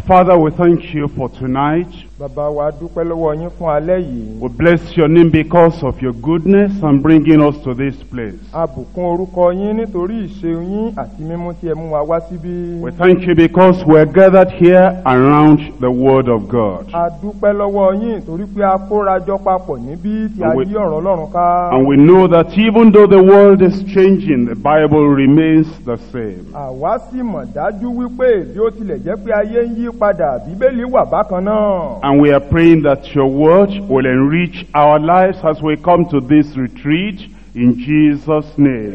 Father, we thank you for tonight. Bàbá wa dúpẹ́ lọ́wọ́ yín fún alẹ́ yìí. We bless your name because of your goodness and bringing us to this place. A bùkún orúkọ yín nítorí ìṣeun yín àti mímú tí ẹ mú wa wá síbí. We thank you because we are gathered here around the word of God. A dúpẹ́ lọ́wọ́ yín torí pé a kóra jọ papọ̀ níbí tí a yí ọ̀rọ̀ Ọlọ́run ká. And we know that even though the world is changing, the Bible remains the same. Àwa sì mọ̀ dájú wípé bí ó tilẹ̀ jẹ́ pé ayé ń yí padà, Bíbélì wà bákan náà. And we are praying that your word will enrich our lives as we come to this retreat in Jesus' name.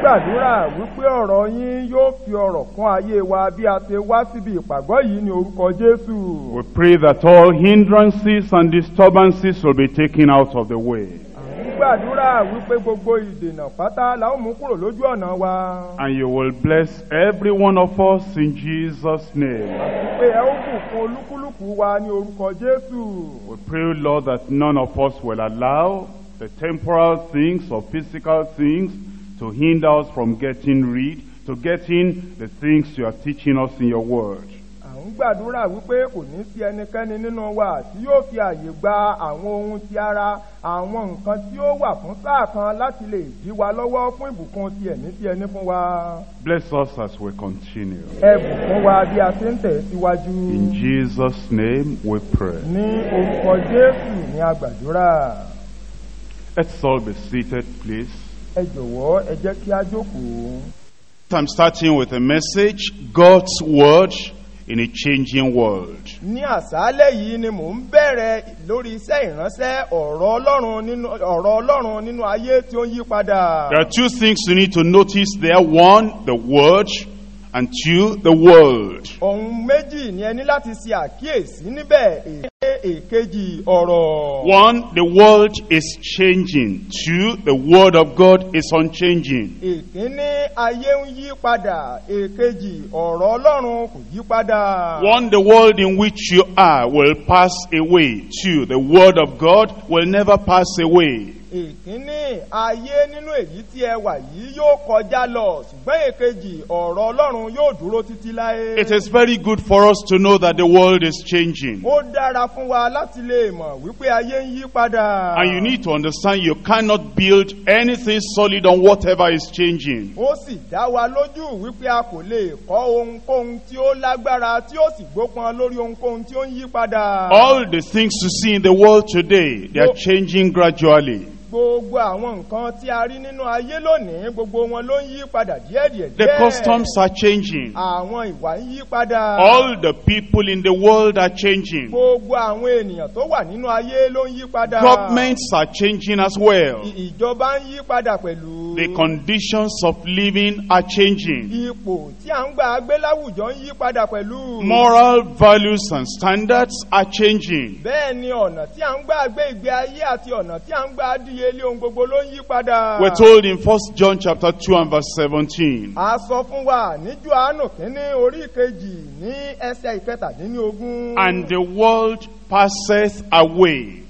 gbàdúrà wípé ọ̀rọ̀ yín yóò fi ọ̀rọ̀ kún ayé wa bí a ṣe wá síbi ìpàgọ́ yìí ní orúkọ Jésù. We pray that all hindrances and disturbances will be taken out of the way. gbàdúrà wípé gbogbo ìdènà pátá mú kúrò lójú ọ̀nà wa. And you will bless every one of us in Jesus' name. ẹ ó bùkún olúkúlùkù wa ní orúkọ Jésù. We pray, Lord, that none of us will allow the temporal things or physical things to hinder us from getting read, to getting the things you are teaching us in your word ń gbàdúrà wípé kò ní sí ẹnikẹ́ni nínú wa tí yóò fi àyè gba àwọn ohun ti ara àwọn nǹkan tí ó wà fún sáà kan láti lè dí wa lọ́wọ́ fún ìbùkún ti ẹ̀mí lati le wa ẹni emi eni fun wa. Bless us as we continue. Ẹ bùkún wa bí a ń tẹ̀ síwájú. In Jesus' name we pray. Ní orúkọ Jésù ni let Let's all be seated, please. Ẹ jọ̀wọ́ ẹ jẹ́ kí a jókòó. I'm starting with a message, God's Word. in a changing world. ní àṣálẹ̀ yìí ni mò ń bẹ̀rẹ̀ lórí iṣẹ́ ìránṣẹ́ ọ̀rọ̀ Ọlọ́run nínú ọ̀rọ̀ Ọlọ́run nínú ayé tí ó ń yí padà. there are two things you need to notice there one the word and two the world. ohun méjì ni ẹ láti ṣe àkíyèsí níbẹ̀ èkejì ọ̀rọ̀. one the world is changing two the word of God is unchanging. ìkíní ayé ń yí padà èkejì ọ̀rọ̀ ọlọ́run kò yí padà. one the world in which you are will pass away two the word of God will never pass away èkínní ayé nínú èyí tí ẹ wà yìí yóò kọjá lọ ṣùgbọ́n èkejì ọ̀rọ̀ ọlọ́run yóò dúró títí láé. it is very good for us to know that the world is changing. ó dára fún wa láti lè mọ̀ wípé ayé ń yí padà. and you need to understand you cannot build anything solid on whatever is changing. ó sì dá wa lójú wípé a kò lè kọ́ ohunkóhun tí ó lágbára tí ó sì gbópọn lórí ohunkóhun tí ó ń yí padà. all the things you see in the world today they are changing gradually. Gbogbo àwọn nǹkan tí a rí nínú ayé lónìí gbogbo wọn ló ń yí padà díẹ̀díẹ̀. The customs are changing. Àwọn ìwà ń yí padà. All the people in the world are changing. Gbogbo àwọn ènìyàn tó wà nínú ayé ló ń yí padà. Governments are changing as well. Ìjọba ń yí padà pẹ̀lú. The conditions of living are changing. Ipò tí à ń gbà gbé láwùjọ ń yí padà pẹ̀lú. Moral values and standards are changing. Bẹ́ẹ̀ ni ọ̀nà tí à ń gbà gbé ìgbé ayé àti ọ̀nà tí à ń gbà díye ìdíyelé ohun gbogbo ló ń yí padà. we are told in first john chapter two and verse seventeen. a sọ fún wa ní johannu kínní orí kejì ní ẹsẹ̀ ìkẹtàdínlógún. and the world passes away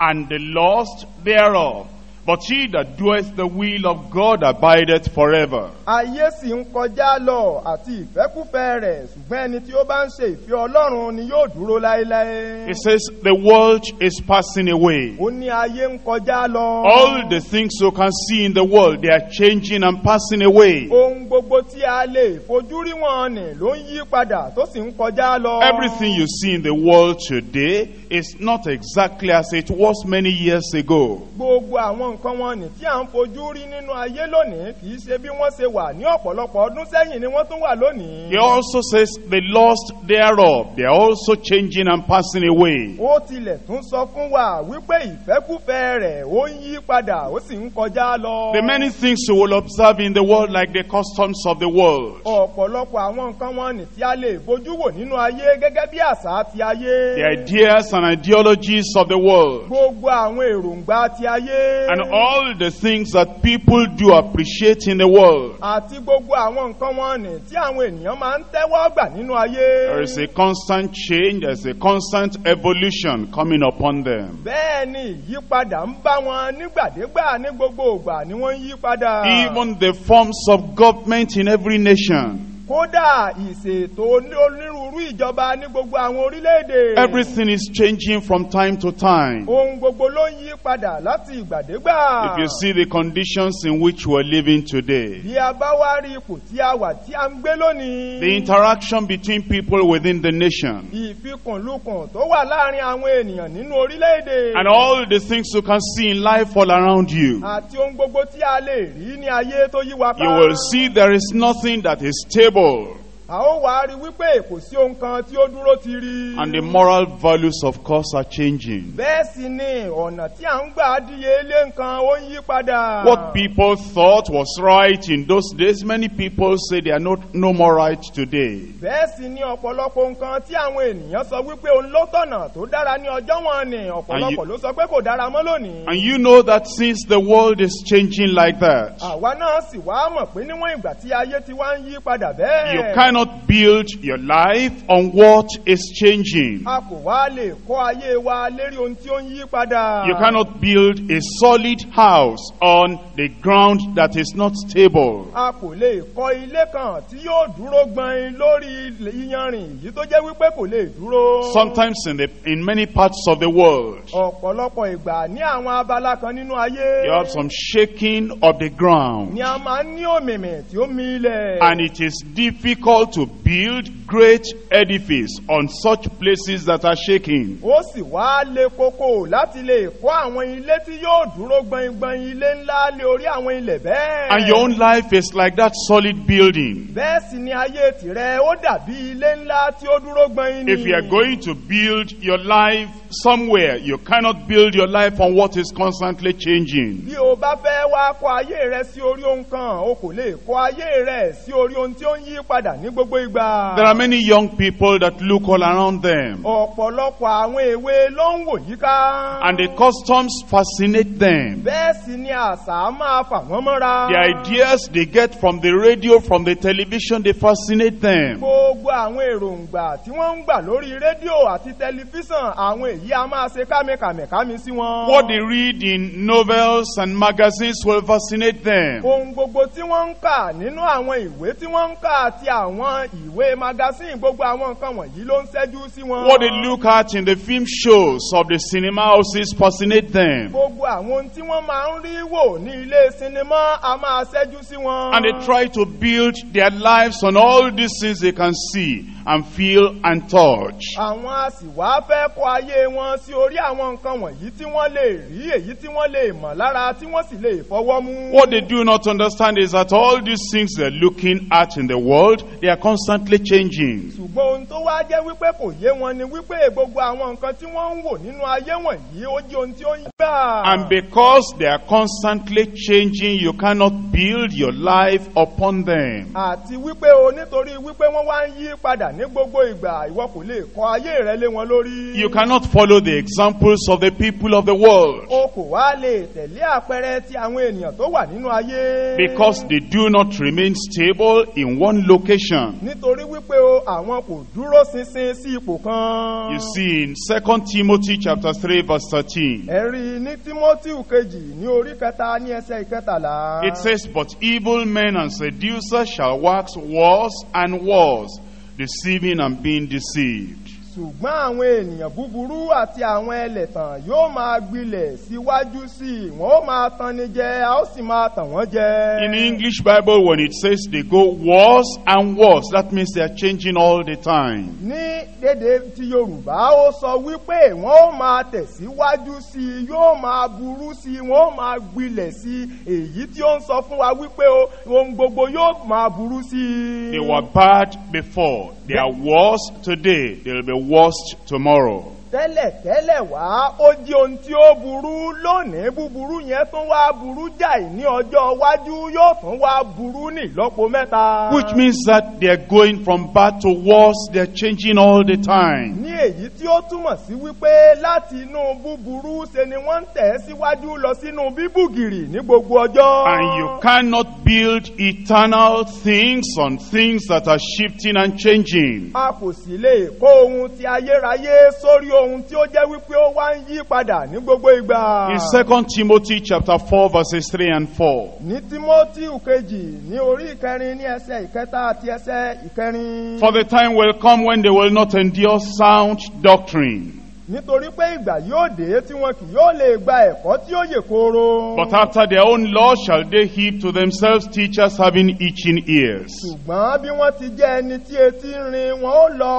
and the lost thereof But he that doeth the will of God abideth forever. Ayé sì ń kọjá lọ àti ìfẹ́kúfẹ́ rẹ̀ ṣùgbọ́n ẹni tí ó bá ń ṣe ìfẹ́ Ọlọ́run ni yóò dúró láéláé. He says the world is passing away. Ó ní ayé ń kọjá lọ. All the things you can see in the world they are changing and passing away. Ohun gbogbo tí a lè fojú rí wọn ni ló ń yí padà tó sì ń kọjá lọ. Everything you see in the world today is not exactly as it was many years ago. Gbogbo àwọn nǹkan wọn nì tí à ń fojú rí nínú ayé lónìí kì í ṣe bí wọ́n ṣe wà ní ọ̀pọ̀lọpọ̀ ọdún sẹ́yìn ni wọ́n tún wà lónìí. he also says they lost their thereof they are also changing and passing away. ó tilẹ̀ tún sọ fún wa wípé ìfẹ́kúfẹ́ rẹ̀ ó ń yí padà ó sì ń kọjá lọ. the many things you will observe in the world like the customs of the world. ọ̀pọ̀lọpọ̀ àwọn nǹkan wọn nì tí a lè fojú wò nínú ayé gẹ́gẹ́ bí àṣà ti ayé. the ideas and ideologies of the world. gbogbo àwọn èròǹgbà ti ayé. and all the things that people do appreciate in the world. Àti gbogbo àwọn nǹkan wọ̀nyí tí àwọn ènìyàn máa ń tẹ́wọ́ gbà nínú ayé. There is a constant change, there is a constant evolution coming upon them. Bẹ́ẹ̀ni ìyípadà ń bá wọn nígbàdégbà ní gbogbo ìgbà ni wọ́n ń yí padà. Even the forms of government in every nation. Kódà ìṣètò onírúurú ìjọba ní gbogbo àwọn orílẹ̀-èdè. Everything is changing from time to time. Ohun gbogbo ló ń yí padà láti ìgbàdégbà. If you see the conditions in which we are living today. Bí a bá wá rí ipò tí a wà tí a ń gbé lónìí. The interaction between people within the nation. Ìfikùnlukùn tó wà láàárín àwọn ènìyàn nínú orílẹ̀-èdè. And all the things you can see in life all around you. Àti ohun gbogbo tí a lè rí ní ayé tó yí wa pa. You will see there is nothing that is stable. people a ó wá rí wípé kò sí ohun kan tí ó dúró ti rí. and the moral values of course are changing. bẹ́ẹ̀ sì ni ọ̀nà tí à ń gbà díyelé nǹkan ó ń yí padà. what people thought was right in those days many people say they are not no more right today. bẹ́ẹ̀ sì ni ọ̀pọ̀lọpọ̀ nǹkan tí àwọn ènìyàn sọ wípé òun ló tọ̀nà tó dára ní ọjọ́ wọn ni ọ̀pọ̀lọpọ̀ ló sọ pé kò dára mọ́ lónìí. and you know that since the world is changing like that. àwa náà sì wá mọ̀ pé níwọ̀n ìgbà tí ayé ti wá ń yí padà bẹ́ẹ̀. you cannot cannot build your life on what is changing. A kò wá lè kọ́ ayé wa lérí ohun tí ó ń yí padà. You cannot build a solid house on the ground that is not stable. A kò lè kọ́ ilé kan tí yóò dúró gbọ̀n lórí iyanrìn yìí tó jẹ́ wípé kò lè dúró. Sometimes in the in many parts of the world. Ọ̀pọ̀lọpọ̀ ìgbà ní àwọn abala kan nínú ayé. You have some shaking of the ground. Ni a máa ń ní òmìmì tí ó mi ilẹ̀. And it is difficult to build great edifice on such places that are shaking. ó sì wá le koko láti lè kọ́ àwọn ilé tí yóò dúró gbọ̀ngbọ̀n ilé ńlá lé orí àwọn ilẹ̀ bẹ́ẹ̀. and your own life is like that solid building. bẹ́ẹ̀ sì ni ayé tirẹ̀ ó dàbí ilé ńlá tí ó dúró gbọ̀ngbọ̀n ni. if you are going to build your life somewhere you cannot build your life on what is constantly changing. bí o bá fẹ́ wá kọ́ ayé rẹ sí orí kan o kò lè kọ́ ayé rẹ sí orí ohun tí ó ń yí padà ní gbogbo ìgbà. there are many young people that look all around them. ọ̀pọ̀lọpọ̀ àwọn èwe ló ń wò yíká. and the customs fascinate them. bẹ́ẹ̀ sì ni àṣà máa fà wọ́n mọ́ra. the ideas they get from the radio from the television they fascinate them. gbogbo àwọn èròǹgbà tí wọ́n ń gbà lórí rédíò àti tẹlifíṣàn àwọn èyí a máa ṣe kámẹ́kámẹ́kámẹ́ sí wọn. what they read in novels and magazines will fascinate them. ohun gbogbo tí wọ́n ń kà nínú àwọn ìwé tí wọ́n ń kà àti àwọn ìwé magazines ìdásí gbogbo àwọn nǹkan wọ̀nyí ló ń ṣẹ́jú sí wọn. What they look at in the film shows of the cinema houses fascinate them. Gbogbo àwọn ohun tí wọ́n máa ń rí wò ní ilé sinimá a máa ṣẹ́jú sí wọn. And they try to build their lives on all the things they can see and feel and touch. Àwọn àsìwá fẹ́ kọ ayé wọn sí orí àwọn nǹkan wọ̀nyí tí wọ́n lè rí èyí tí wọ́n lè mọ̀ lára tí wọ́n sì lè fọwọ́ mú. What they do not understand is that all these things they are looking at in the world they are constantly changing. Ṣùgbọ́n ohun tó wá jẹ́ wípé kò yé wọn ni wípé gbogbo àwọn nǹkan tí wọ́n ń wò nínú ayé wọ̀nyí ó jẹ́ ohun tí ó ń gbà. And because they are constantly changing you cannot build your life upon them. Àti wípé o nítorí wípé wọ́n wá ń yí padà ní gbogbo ìgbà ìwọ kò lè kọ ayé rẹ lé wọn lórí. you cannot follow the examples of the people of the world. o kò wá lè tẹ̀lé àpẹẹrẹ ti àwọn ènìyàn tó wà nínú ayé. because they do not remain stable in one location. nítorí wípé o àwọn kò dúró ṣinṣin sí ipò kan. you see in second timothy chapter three verse thirteen. ẹ̀rí ní timothy kejì ní orí kẹta ní ẹsẹ̀ ìkẹtàlá. it says but evil men and seducers shall wax worse and worse." deceiving and being deceived. ṣùgbọ́n àwọn ènìyàn búburú àti àwọn ẹlẹ̀tàn yóò máa gbilẹ̀ síwájú sí i wọ́n ó máa tanni jẹ a ó sì máa tàn wọ́n jẹ. in english bible when it says they go worse and worse that means they are changing all the time. ní dédé ti yorùbá ó sọ wípé wọ́n máa tẹ̀síwájú sí i yóò máa burú sí i wọ́n máa gbilẹ̀ sí i èyí tí ó ń sọ fún wa wípé ohun gbogbo yóò máa burú sí i. they were bad before They are worse today, they'll be worse tomorrow. tẹ́lẹ̀tẹ́lẹ̀ wá ó jẹ́ ohun tí ó burú lónìí búburú yẹn tún wá burú jáì ní ọjọ́ iwájú yóò tún wá burú ní ìlọ́po mẹ́ta. which means that they are going from bad to worse they are changing all the time. ní èyí tí ó túmọ̀ sí wípé láti inú búburú ṣe ni wọ́n ń tẹ̀ síwájú lọ sínú bíbùgìrì ní gbogbo ọjọ́. and you cannot build eternal things on things that are shifting and changing. a kò sì lè kó ohun ti ayérayé sórí o ohun tí ó jẹ́ wípé ó wá ń yí padà ní gbogbo ìgbà. in second timothy chapter four verses three and four. ní timothy kejì ní orí ìkẹrin ní ẹsẹ̀ ìkẹta àti ẹsẹ̀ ìkẹrin. for the time will come when they will not endure sound doctrine. Nítorí pé ìgbà yóò dé tí wọn kì yóò lè gba ẹ̀kọ́ tí ó yè kooro. But after their own law shall they heap to themselves teachers having itching ears. Ṣùgbọ́n bí wọ́n ti jẹ́ ẹni tí etí ń rin, wọn ó lọ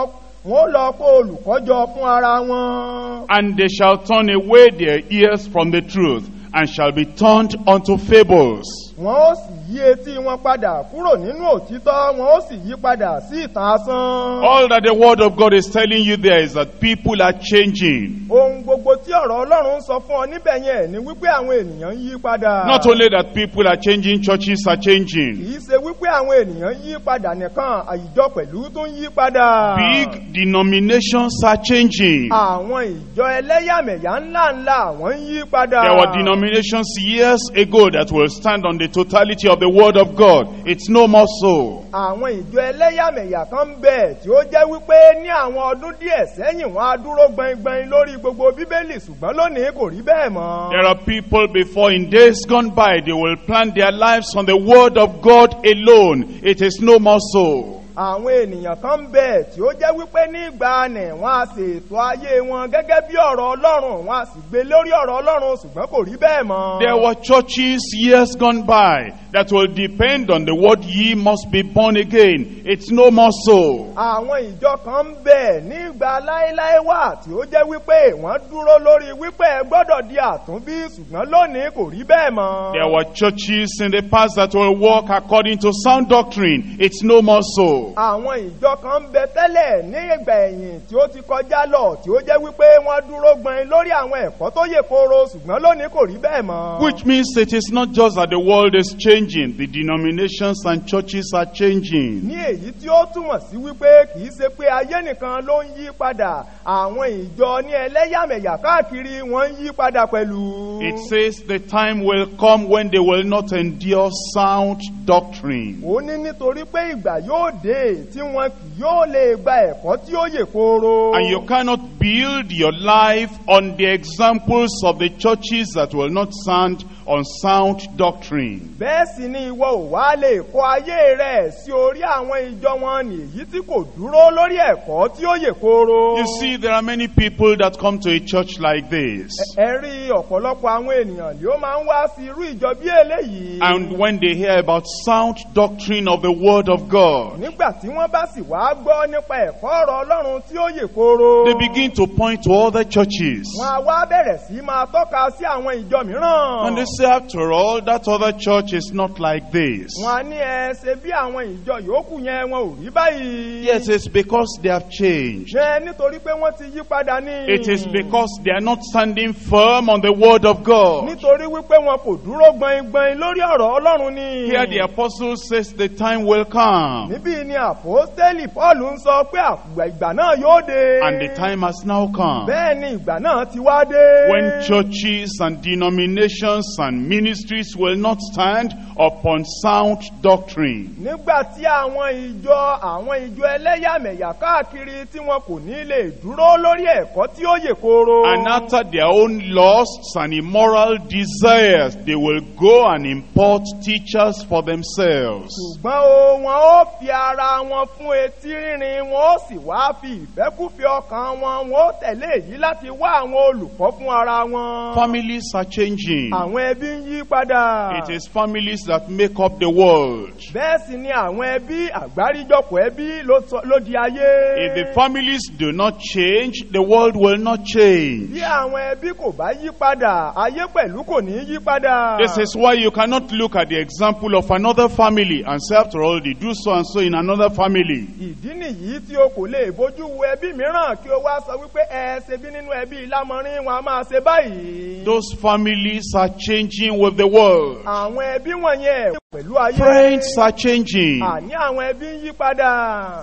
wọ́n lọ kó olùkọ́jọ fún ara wọn. and they shall turn away their ears from the truth and shall be turned unto fables wọn ó sì yí etí wọn padà kúrò nínú òtítọ́ wọn ó sì yí padà sí ìtàn asán. all that the word of God is telling you there is that people are changing. ohun gbogbo tí ọ̀rọ̀ ọlọ́run sọ fún ọ níbẹ̀ yẹn ni wípé àwọn ènìyàn yí padà. not only that people are changing churches are changing. kì í ṣe wípé àwọn ènìyàn yí padà nìkan àyíjọ pẹ̀lú tó ń yí padà. big denominations are changing. àwọn ìjọ ẹlẹ́yàmẹ̀yà ńláńlá wọ́n yí padà. there were denominations years ago that will stand on the totality of the word of God. It's no more so. Àwọn ìjọ ẹlẹ́yàmẹ̀yà kan bẹ̀ tí ó jẹ́ wípé ní àwọn ọdún díẹ̀ sẹ́yìn wọn á dúró gbọ̀ngbọ̀n lórí gbogbo Bíbélì ṣùgbọ́n lónìí kò rí bẹ́ẹ̀ mọ́. There are people before in days gone by they will plan their lives on the word of God alone. It is no more so àwọn ènìyàn kan bẹ tí ó jẹ́ wípé ní ìgbàanì wọn a ṣe ètò ayé wọn gẹ́gẹ́ bí ọ̀rọ̀ ọlọ́run wọn a sì gbé lórí ọ̀rọ̀ ọlọ́run ṣùgbọ́n kò rí bẹ́ẹ̀ mọ́. There were churches years gone by that will depend on the word ye must be born again. It's no more so. Àwọn ìjọ kan bẹ ní ìgbà láéláé wà tí ó jẹ́ wípé wọ́n dúró lórí wípé ẹ gbọ́dọ̀ di àtúnbí ṣùgbọ́n lónìí kò rí bẹ́ẹ̀ mọ́. There were churches in the past that will work according to sound doctrine. It's no more so àwọn ìjọ kan bẹ tẹ́lẹ̀ ní ìgbà ẹ̀yìn tí ó ti kọjá lọ tí ó jẹ́ wípé wọ́n dúró gbọ́n lórí àwọn ẹ̀kọ́ tó yè kooro ṣùgbọ́n lónìí kò rí bẹ́ẹ̀ mọ́. which means it is not just that the world is changing the denominations and churches are changing. ní èyí tí ó túmọ̀ sí wípé kì í ṣe pé ayé nìkan ló ń yí padà àwọn ìjọ ní ẹlẹ́yàmẹ̀yà káàkiri wọ́n ń yí padà pẹ̀lú. it says the time will come when they will not endure sound doctrine. ó ní nítorí pé ìgbà yóò dé tí wọn yóò lè gba ẹ̀kọ́ tí ó yè kooro. And you cannot build your life on the examples of the churches that will not stand on sound doctrine. Bẹ́ẹ̀ sì ni ìwọ ò wá lè kọ́ ayé rẹ̀ sí orí àwọn ìjọ wọn nìyí tí kò dúró lórí ẹ̀kọ́ tí ó yè kooro. You see there are many people that come to a church like this. Ẹ rí ọ̀pọ̀lọpọ̀ àwọn ènìyàn ni ó máa ń wá sí irú ìjọ bí eléyìí. And when they hear about sound doctrine of the word of God nígbà tí wọ́n bá sì wá gbọ́ nípa ẹ̀kọ́ ọ̀rọ̀ Ọlọ́run tí ó yè kooro. They begin to point to other churches. Wọ́n á wá bẹ̀rẹ̀ sí máa tọ́ka sí àwọn ìjọ mìíràn. And they say after all that other church is not like this. Wọ́n á ní ẹ ṣe bí àwọn ìjọ yòókù yẹn wọn ò rí báyìí. Yes, it's because they have changed. Ṣé nítorí pé wọ́n ti yí padà ní. It is because they are not standing firm on the word of God. Nítorí wípé wọn kò dúró gbọ̀ngbọ̀n lórí ọ̀rọ̀ Ọlọ́run ni. Here the apostle says the time will come. Níbí ni ni àpòstélì Pọ́ọ̀lù ń sọ pé ìgbà náà yóò dé. And the time has now come. Bẹ́ẹ̀ ìgbà náà ti wá dé. When churches and denominations and ministries will not stand upon sound doctrine. Nígbà tí àwọn ìjọ àwọn ìjọ ẹlẹ́yàmẹ̀yà káàkiri tí wọn kò ní lè dúró lórí ẹ̀kọ́ tí ó yè kooro. And after their own lusts and immoral desires, they will go and import teachers for themselves. Ṣùgbọ́n o, wọn ó fi ara ara wọn fún etí rínrin wọn ó sì wá fi ìfẹ́kúfẹ̀ẹ́ ọkàn wọn wọn ó tẹ̀lé èyí láti wá àwọn olùkọ́ fún ara wọn. families are changing. àwọn ẹbí ń yí padà. it is families that make up the world. bẹ́ẹ̀ sì ni àwọn ẹbí àgbáríjọpọ̀ ẹbí ló di ayé. if the families do not change the world will not change. bí àwọn ẹbí kò bá yí padà ayé pẹ̀lú kò ní yí padà. this is why you cannot look at the example of another family and say after all they do so and so in another another family. Ìdí nìyí tí o kò lè bójú wo ẹbí mìíràn kí o wá sọ wípé ẹ ṣe bí nínú ẹbí lámọrin wọn a máa ṣe báyìí. Those families are changing with the world. Àwọn ẹbí wọ̀nyẹn pẹ̀lú ayé. Friends are changing. Àní àwọn ẹbí ń yí padà.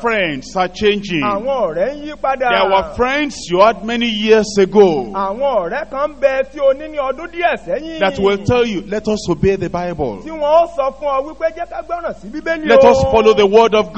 Friends are changing. Àwọn ọ̀rẹ́ ń yí padà. There were friends you had many years ago. Àwọn ọ̀rẹ́ kan bẹ tí o ní ní ọdún díẹ̀ sẹ́yìn. That will tell you let us obey the Bible. Tí wọ́n sọ fún ọ wípé jẹ́ ká gbọ́ràn sí Bíbélì o. Let us follow the word of God.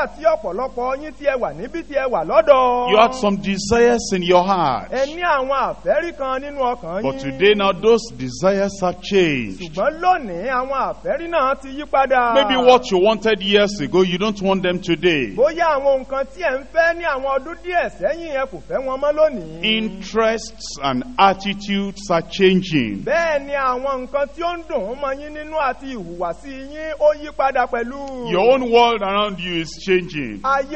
nígbà tí ọ̀pọ̀lọpọ̀ yín tí ẹ wà níbi tí ẹ wà lọ́dọ̀. you had some desires in your heart. ẹ ní àwọn àfẹ́rí kan nínú ọkàn yín. but today now those desires have changed. ṣùgbọ́n lónìí àwọn àfẹ́rí náà ti yí padà. maybe what you wanted years ago you don't want them today. bóyá àwọn nǹkan tí ẹ ń fẹ́ ní àwọn ọdún díẹ̀ sẹ́yìn ẹ kò fẹ́ wọn mọ́ lónìí. interests and attitudes are changing. bẹ́ẹ̀ ni àwọn nǹkan tí ó ń dùn ún mọ yín nínú àti ìhùwàsí yín ó yí padà pẹ̀lú. your own world around you is changing. changing. And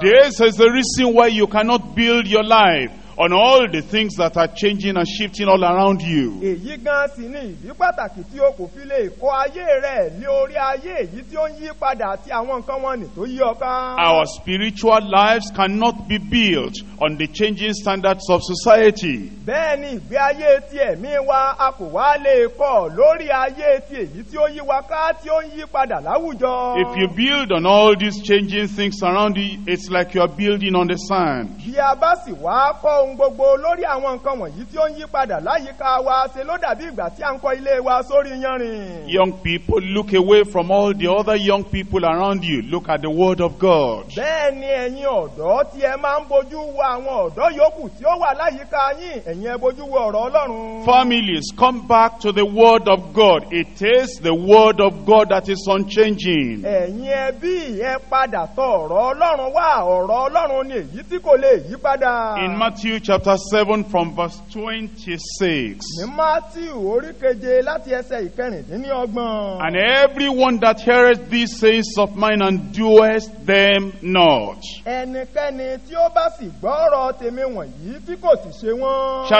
this is the reason why you cannot build your life. on all the things that are changing and shifting all around you. èyí gan sì ni ìdí pàtàkì tí o kò fi lè kọ ayé rẹ lé orí ayé èyí tí ó ń yí padà àti àwọn nǹkan wọ̀nyí tó yí ọ our spiritual lives cannot be built on the changing standards of society. bẹ́ẹ̀ ni ìgbé ayé ti ẹ̀mí wa a kò wá lè kọ lórí ayé ti èyí tí ó yí wa ká tí ó ń yí padà láwùjọ. if you build on all these changing things around you it's like you are building on the sand. bí a bá sì wá kọ́ ohun gbogbo lórí àwọn nǹkan wọ̀nyí tí ó ń yí padà láyìíká wa ṣe ló dàbí ìgbà tí à ń kọ́ ilé wa sórí yanrìn. Young people look away from all the other young people around you. Look at the word of God. Bẹ́ẹ̀ ni ẹ̀yin ọ̀dọ́ tí ẹ máa ń bojú wo àwọn ọ̀dọ́ yòókù tí ó wà láyìíká yín, ẹ̀yin ẹ bojú wo ọ̀rọ̀ Ọlọ́run. Families come back to the word of God. It is the word of God that is unchanging. Ẹ̀yin ẹbí ẹ padà tọ̀ ọ̀rọ̀ Ọlọ́run wá ọ̀rọ̀ Ọlọ́run ni èyí tí kò lè yí padà. In Matthew Matthew chapter 7 from verse 26. And everyone that heareth these sayings of mine and doeth them not shall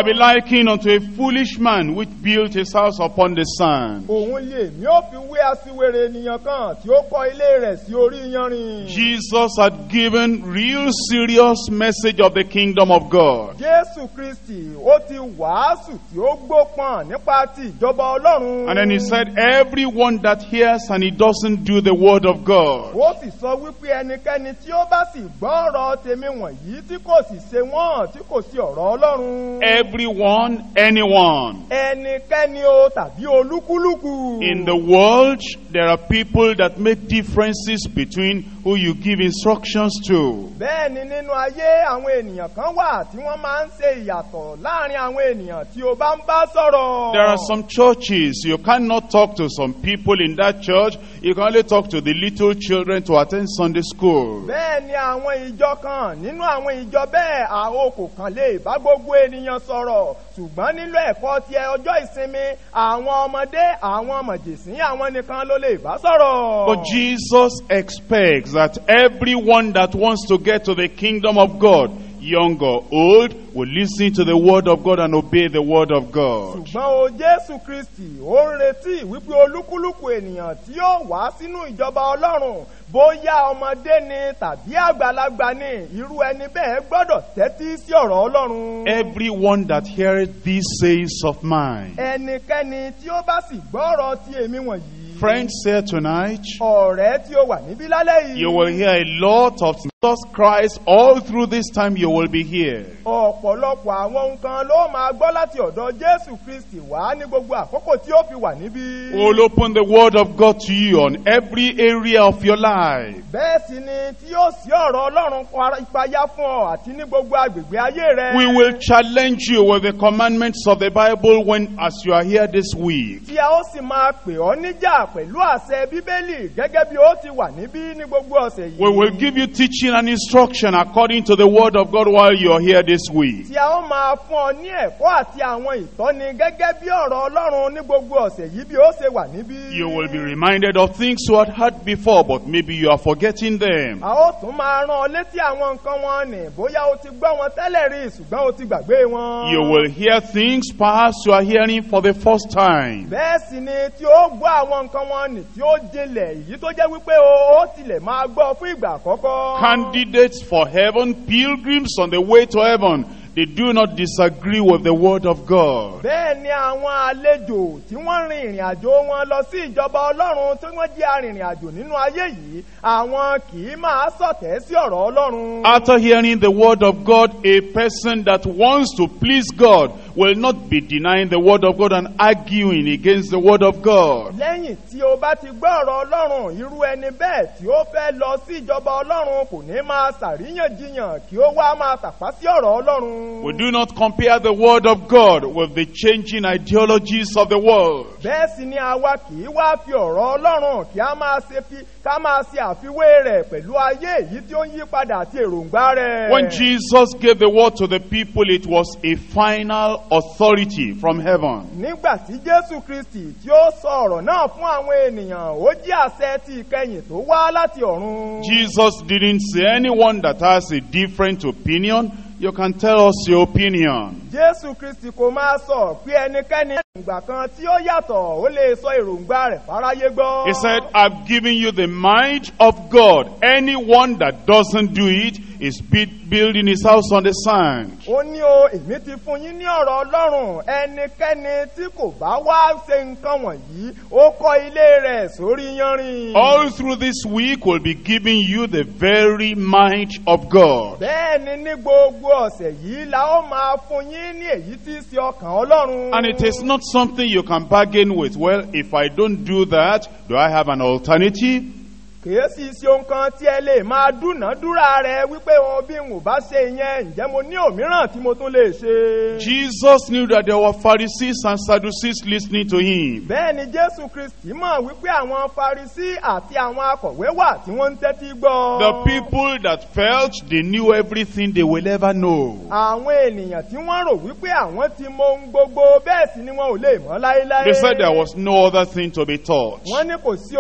be likened unto a foolish man which built his house upon the sand. Jesus had given real serious message of the kingdom of God. Jésù Kristi ó ti wàásù tí ó gbópọn nípa ti ìjọba Ọlọ́run. And then he said, everyone that hears and he doesn't do the word of God. Ó sì sọ wípé ẹnikẹ́ni tí ó bá sì gbọ́ ọ̀rọ̀ tèmi wọ̀nyí tí kò sì ṣe wọ́n tí kò sí ọ̀rọ̀ Ọlọ́run. Everyone, anyone. Ẹnikẹ́ni o tàbí olúkúlùkù. In the world, there are people that make differences between who you give instructions to. Bẹ́ẹ̀ni nínú ayé àwọn ènìyàn kan wà tí wọ́n máa ń ṣe ìyàtọ̀ láàrin àwọn ènìyàn tí o bá ń bá sọ̀rọ̀. There are some churches you cannot talk to some people in that church you can only talk to the little children to attend Sunday school. Bẹ́ẹ̀ni àwọn ìjọ kan nínú àwọn ìjọ bẹ́ẹ̀ àokò kan lè bá gbogbo ènìyàn sọ̀rọ̀ ṣùgbọ́n nílò ẹ̀kọ́ ti ọjọ́ ìsinmi àwọn ọmọdé àwọn àwọn nìkan ló lè bá sọ̀rọ̀. But Jesus expects that everyone that wants to get to the kingdom of God young or old, will listen to the word of God and obey the word of God. ṣùgbọ́n o Jésù Kristi ó ń retí wípé olúkúlùkù ènìyàn tí yóò wá sínú ìjọba Ọlọ́run bóyá ọmọdé ni tàbí àgbàlagbà ni irú ẹni bẹ́ẹ̀ gbọ́dọ̀ tẹ́tí sí ọ̀rọ̀ Ọlọ́run. everyone that heareth these sayings of mine. ẹnikẹ́ni tí ó bá sì gbọ́ ọ̀rọ̀ ti èmi wọ̀nyí. friends here tonight. ọ̀rẹ́ tí ó wà níbí lálẹ́ yìí. you will hear a lot of Jesus Christ, all through this time you will be here. Ọ̀pọ̀lọpọ̀ àwọn nǹkan ló máa gbọ́ láti ọ̀dọ̀ Jésù Kristi wá ní gbogbo àkókò tí ó fi wà níbí. Will open the word of God to you on every area of your life. Bẹ́ẹ̀ sì ni tí yóò sí ọ̀rọ̀ Ọlọ́run ìpayà fún ọ àti ní gbogbo agbègbè ayé rẹ. We will challenge you with the commandments of the Bible when as you are here this week. Tí a ó sì máa pè ọ́ níjà pẹ̀lú àṣẹ Bíbélì gẹ́gẹ́ bí ó ti wà níbí ní gbogbo ọ̀sẹ̀ yìí. We will give you teaching learning and instruction according to the word of God while you are here this week. Tí a ó máa fún ọ ní ẹ̀kọ́ àti àwọn ìtọ́ni gẹ́gẹ́ bí ọ̀rọ̀ Ọlọ́run ní gbogbo ọ̀sẹ̀ yìí bí ó ṣe wà níbí. You will be reminded of things you had heard before but maybe you are forgetting them. A ó tún máa rán ọ létí àwọn nǹkan wọn nì bóyá o ti gbọ́ wọn tẹ́lẹ̀ rí ṣùgbọ́n o ti gbàgbé wọn. You will hear things perhaps you are hearing for the first time. Bẹ́ẹ̀ sì ni tí ó gbọ́ àwọn nǹkan wọn nì tí ó jinlẹ̀ èyí tó jẹ́ wípé o ó tilẹ̀ máa gbọ́ fún ìgbà àkọ́kọ́. Can candidates for heaven, pilgrims on the way to heaven. They do not disagree with the word of God. Bẹ́ẹ̀ ni àwọn àlejò tí wọ́n rin ìrìn àjò wọn lọ sí ìjọba Ọlọ́run tí wọ́n jẹ́ arìnrìn àjò nínú ayé yìí, àwọn kì í máa sọ̀tẹ̀ sí ọ̀rọ̀ Ọlọ́run. After hearing the word of God, a person that wants to please God will not be denying the word of God and arguing against the word of God. Lẹ́yìn tí o bá ti gbọ́ ọ̀rọ̀ Ọlọ́run, irú ẹni bẹ́ẹ̀ tí ó fẹ́ lọ sí ìjọba Ọlọ́run kò ní máa ṣàríyànjiyàn kí ó wá máa tàpá sí ọ̀rọ̀ Ọlọ́run. Oh. We do not compare the word of God with the changing ideologies of the world. Bẹ́ẹ̀ sì ni àwa kì í wá fi ọ̀rọ̀ Ọlọ́run kí a máa ṣe fi ká máa ṣe àfiwé rẹ̀ pẹ̀lú ayé èyí tí ó ń yí padà àti èròǹgbà rẹ̀. When Jesus gave the word to the people, it was a final authority from heaven. Nígbà tí Jésù Kristì tí ó sọ ọ̀rọ̀ náà fún àwọn ènìyàn, ó jẹ́ àṣẹ ti ìkẹyìn tó wá láti ọ̀run. Jesus didn't say anyone that has a different opinion. You can tell us your opinion. Jésù Kristì kò máa sọ pé ẹnikẹ́ni ìgbà kan tí ó yàtọ̀ ó lè sọ èròǹgbà rẹ̀ fáráyé gbọ́. He said, I've given you the mind of God. Anyone that doesn't do it is building his house on the sand. ó ní o èmi ti fún yín ní ọ̀rọ̀ ọlọ́run ẹnikẹ́ni tí kò bá wá ṣe nǹkan wọ̀nyí ó kọ́ ilé rẹ̀ sórí yanrìn. all through this week we'll be giving you the very might of God. bẹ́ẹ̀ni ní gbogbo ọ̀sẹ̀ yìí la ó máa fún yín ní èyí tí ṣe ọkàn ọlọ́run. and it is not something you can bargain with well if I don't do that do I have an alternative kìí sì ṣe ohun kan tí ẹ lè máa dúnàádúrà rẹ wípé wọn bí n bá ṣe yẹn ǹjẹ́ mo ní òmíràn tí mo tún lè ṣe. Jesus knew that there were Pharisees and Sadducees listening to him. Bẹ́ẹ̀ni Jésù Kristì mọ̀ wípé àwọn Pharisee àti àwọn akọ̀wé wà tí wọ́n ń tẹ́tí gbọ́. The people that felt they knew everything they will ever know. Àwọn ènìyàn tí wọ́n rò wípé àwọn ti mọ ohun gbogbo bẹ́ẹ̀ sì ni wọn ò lè mọ̀ láéláé. They said there was no other thing to be taught. Wọ́n ní kò sí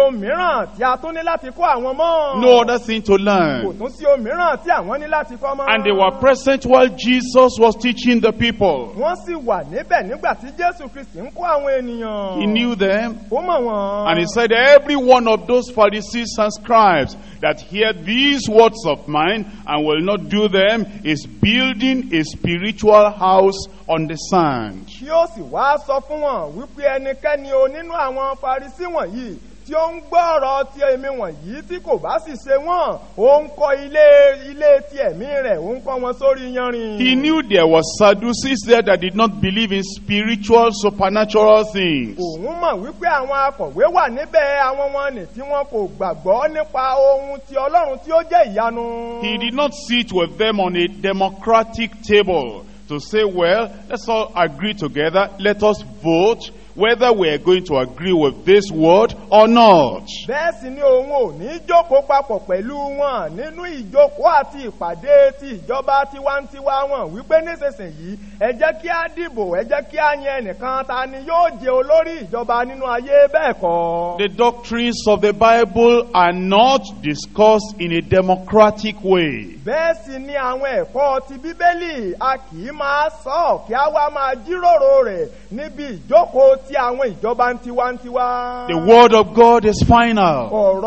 kọ́ àwọn mọ́. no other thing to learn. kò tún sí òmíràn tí àwọn ní láti kọ́ mọ́. and they were present while Jesus was teaching the people. wọ́n sì wà níbẹ̀ nígbà tí Jésù Kristi ń kọ́ àwọn ènìyàn. he knew them. ó mọ̀ wọ́n. and he said every one of those Pharisees and scribes that hear these words of mine and will not do them is building a spiritual house on the sand. kí ó sì wá sọ fún wọn wípé ẹnikẹ́ni o nínú àwọn Farisí wọ̀nyí tí ó ń gbọ́ ti èmi wọ̀nyí tí kò bá sì ṣe wọ́n ó ń kọ́ ilé ilé ti ẹ̀mí rẹ̀ ó ń kọ́ wọn sórí yanrìn. He knew there was Sadducees there that did not believe in spiritual supernatural things. Òun mọ̀ wípé àwọn akọ̀wé wà níbẹ̀ àwọn wọn nì tí wọn kò gbàgbọ́ nípa ohun ti Ọlọ́run tí ó jẹ́ ìyanu. He did not sit with them on a democratic table to say, well, let's all agree together, let us vote whether we are going to agree with this word or not. bẹ́ẹ̀ ni òun ò ní jókòó papọ̀ pẹ̀lú wọn nínú ìjókòó àti ìpàdé ti ìjọba tiwantiwa wọn wípé nísinsìnyí ẹ jẹ́ kí á dìbò ẹ jẹ́ kí á yan ẹnìkan ta ni yóò jẹ olórí ìjọba nínú ayé bẹ́ẹ̀ kọ́. the doctrines of the bible are not discussed in a democratic way. bẹ́ẹ̀ ni àwọn ẹ̀kọ́ ti bíbélì a kì í máa sọ kí a wá máa jíròrò rẹ̀ níbi ìjókòó The word of God is final.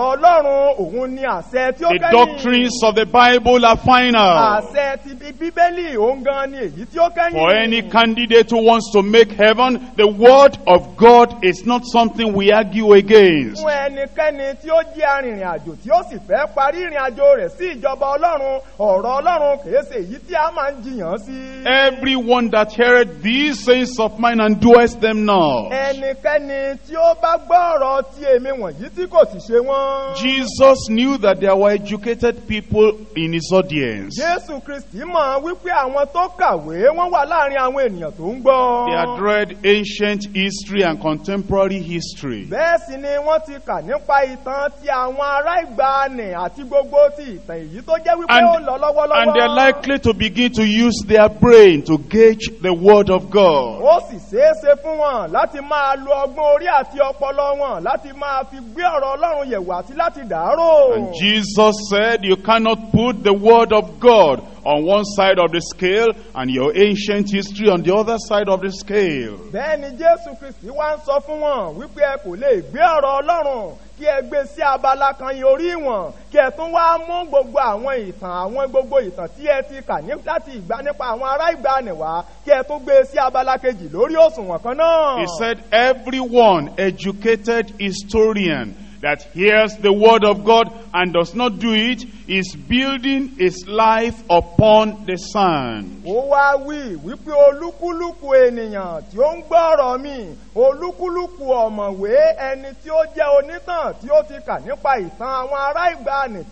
The doctrines of the Bible are final. For any candidate who wants to make heaven, the word of God is not something we argue against. Everyone that heareth these sayings of mine and doeth them now. Ẹnikẹ́ni tí ó bá gbọ́ ọ̀rọ̀ ti èmi wọ̀nyí tí kò sì ṣe wọ́n. Jesus knew that there were educated people in his audience. Jésù Kristì mọ̀ wípé àwọn tó kàwé wọ́n wà láàrin àwọn ènìyàn tó ń gbọ́. They had read ancient history and contemporary history. Bẹ́ẹ̀ sì ni wọ́n ti kà nípa ìtàn ti àwọn ará ìgbàanì àti gbogbo ti ìtàn èyí tó jẹ́ wípé ó lọ lọ́wọ́lọ́wọ́. And they are likely to begin to use their brain to gauge the word of God. Ó sì ṣeé ṣe fún wọn láti láti máa lo ọgbọ́n orí àti ọpọlọ wọn láti máa fi gbé ọ̀rọ̀ Ọlọ́run yẹ̀wò àti láti dàárò. And Jesus said you cannot put the word of God on one side of the scale and your ancient history on the other side of the scale. Bẹ́ẹ̀ni Jésù Kristì wá ń sọ fún wọn wípé ẹ kò lè gbé ọ̀rọ̀ Ọlọ́run kí ẹ gbé sí abala kan yìí orí ìwọ̀n kí ẹ tún wá mú gbogbo àwọn ìtàn àwọn gbogbo ìtàn tí ẹ ti kà láti ìgbà nípa àwọn ará ìgbàanì wá kí ẹ tún gbé sí abala kejì lórí òṣùwọ̀n kan náà. He said everyone educated historian. that hears the word of God and does not do it is building his life upon the sand. ó ń gbọ́ ọ̀rọ̀ mi, olúkúlùkù ọ̀mọ̀wé ẹni tí ó jẹ́ onítàn tí ó ti mi olukuluku omowe eni ti o je onitan ti o ti ka nipa itan awon ara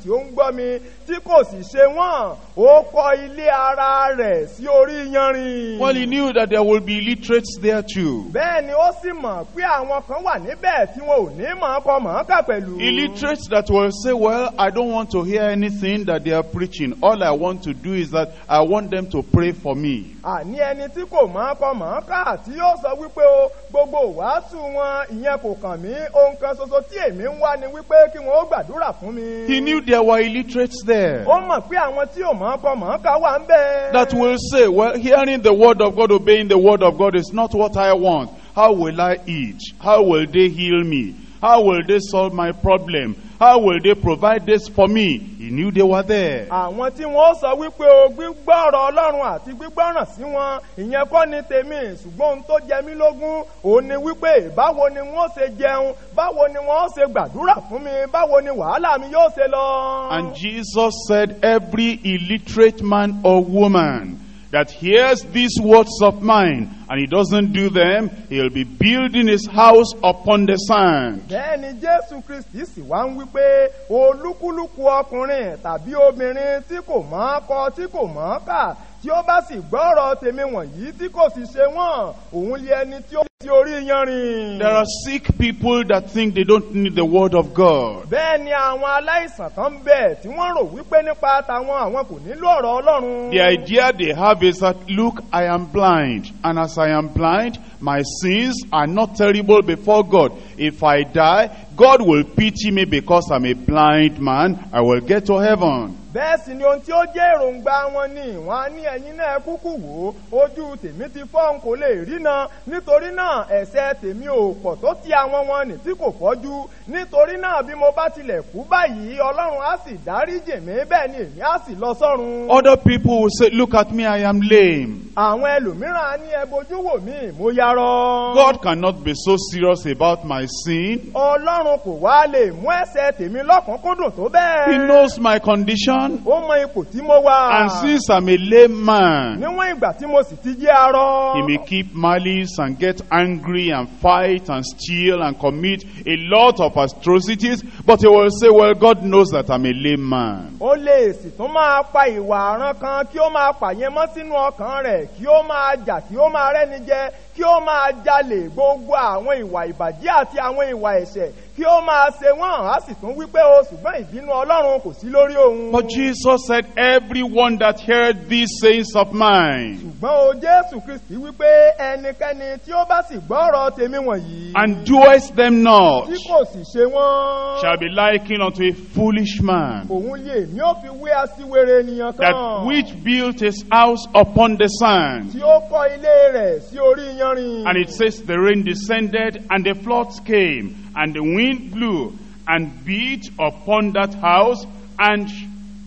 ti mi tí kò sì ṣe wọ́n ó kọ́ ilé ara rẹ̀ sí orí yanrìn. well he knew that there would be illiterates there too. bẹ́ẹ̀ ó sì mọ̀ pé àwọn kan wà níbẹ̀ tí wọn ò ní mọ̀ ọkọ mọ̀ ọ́kà pẹ̀lú. illiterates that will say well I don't want to hear anything that they are preaching all I want to do is that I want them to pray for me. àní ẹni tí kò mọ̀ ọkọ mọ̀ ọ́kà tí yóò sọ wípé o gbogbo wàásù wọn ìyẹn kò kàn mí ohun kan ṣoṣo tí èmi ń wá ni wípé kí wọn ó gbàdúrà fún mi. he knew there were illiterates there. there. That will say, well, hearing the word of God, obeying the word of God is not what I want. How will I eat? How will they heal me? How will they solve my problem? how will they provide this for me? He knew they were there. Àwọn tí wọ́n sọ wípé o gbígbọ́ Ọlọ́run àti gbígbọ́ràn sí wọn, ìyẹn kọ́ ni tèmi, ṣùgbọ́n ohun tó jẹ mí lógún, òun ni wípé báwo ni wọ́n ṣe jẹun, báwo ni wọ́n ṣe gbàdúrà fún mi, báwo ni wàhálà mi yóò ṣe lọ. And Jesus said, every illiterate man or woman that hears these words of mine and he doesn't do them, he'll be building his house upon the sand. Bẹ́ẹ̀ni Jésù Kristì sì wá ń wí pé olúkúlùkù ọkùnrin tàbí obìnrin tí kò mọ̀ kọ tí kò mọ̀ kà tí ó bá sì gbọ́ ọ̀rọ̀ tèmi wọ̀nyí tí kò sì ṣe wọ́n òun lé ẹni tí ó. tí orí yanrìn. There are sick people that think they don't need the word of God. Bẹ́ẹ̀ ni àwọn aláìsàn kan bẹ̀ tí wọ́n rò wípé nípa tàwọn àwọn kò nílò ọ̀rọ̀ Ọlọ́run. The idea they have is that look I am blind and as I am blind my sins are not terrible before God. If I die God will pity me because I'm a blind man I will get to heaven bẹ́ẹ̀ sì ni ohun tí ó jẹ́ èròǹgbà wọn ni wọ́n á ní ẹ̀yin náà kúkú wò ó ojú tèmi ti fọ́ n kò lè rína nítorí náà ẹ̀ṣẹ̀ tèmi ò pọ̀ tó ti àwọn wọn nì tí kò fọ́jú nítorí náà bí mo bá tilẹ̀ kú báyìí ọlọ́run á sì dáríjì mí bẹ́ẹ̀ ni èmi á sì lọ sọ́run. other people will say look at me I am lame. àwọn ẹlòmíràn á ní ẹ wò mí mo yarọ. God cannot be so serious about my sin. ọlọ́run kò wá lè mú ẹ̀ṣẹ̀ tèmi lọ́kùnkúndùn tó bẹ́ẹ̀. He knows my condition position. Ó mọ ipò tí mo wà. And since I'm a layman. Níwọ̀n ìgbà tí mo sì ti jẹ́ arọ. He may keep malice and get angry and fight and steal and commit a lot of atrocities but he will say well God knows that I'm a layman. Ó lè sì tún máa pa ìwà àrán kan kí ó máa pàyẹn sínú ọkàn rẹ̀ kí ó máa jà kí ó máa rẹ́ni jẹ kí ó máa jalè gbogbo àwọn ìwà ìbàjẹ́ àti àwọn ìwà ẹ̀ṣẹ̀ kí ó máa ṣe wọ́n á sì tún wípé o ṣùgbọ́n ìbínú Ọlọ́run kò sí lórí òun. But Jesus said everyone that heard these sayings of mine. Ṣùgbọ́n o Jésù Kristi wípé ẹnikẹ́ni tí ó bá sì gbọ́ ọ̀rọ̀ tèmi wọ̀nyí. And doeth them not. Tí kò sì ṣe wọ́n. Shall be likened unto a foolish man. Òun lè ní ó fi wé aṣiwèrè ènìyàn kan. That which built his house upon the sand. Tí ó kọ́ ilé rẹ̀ sí orí yan. And it says the rain descended and the floods came and the wind blew and beat upon that house and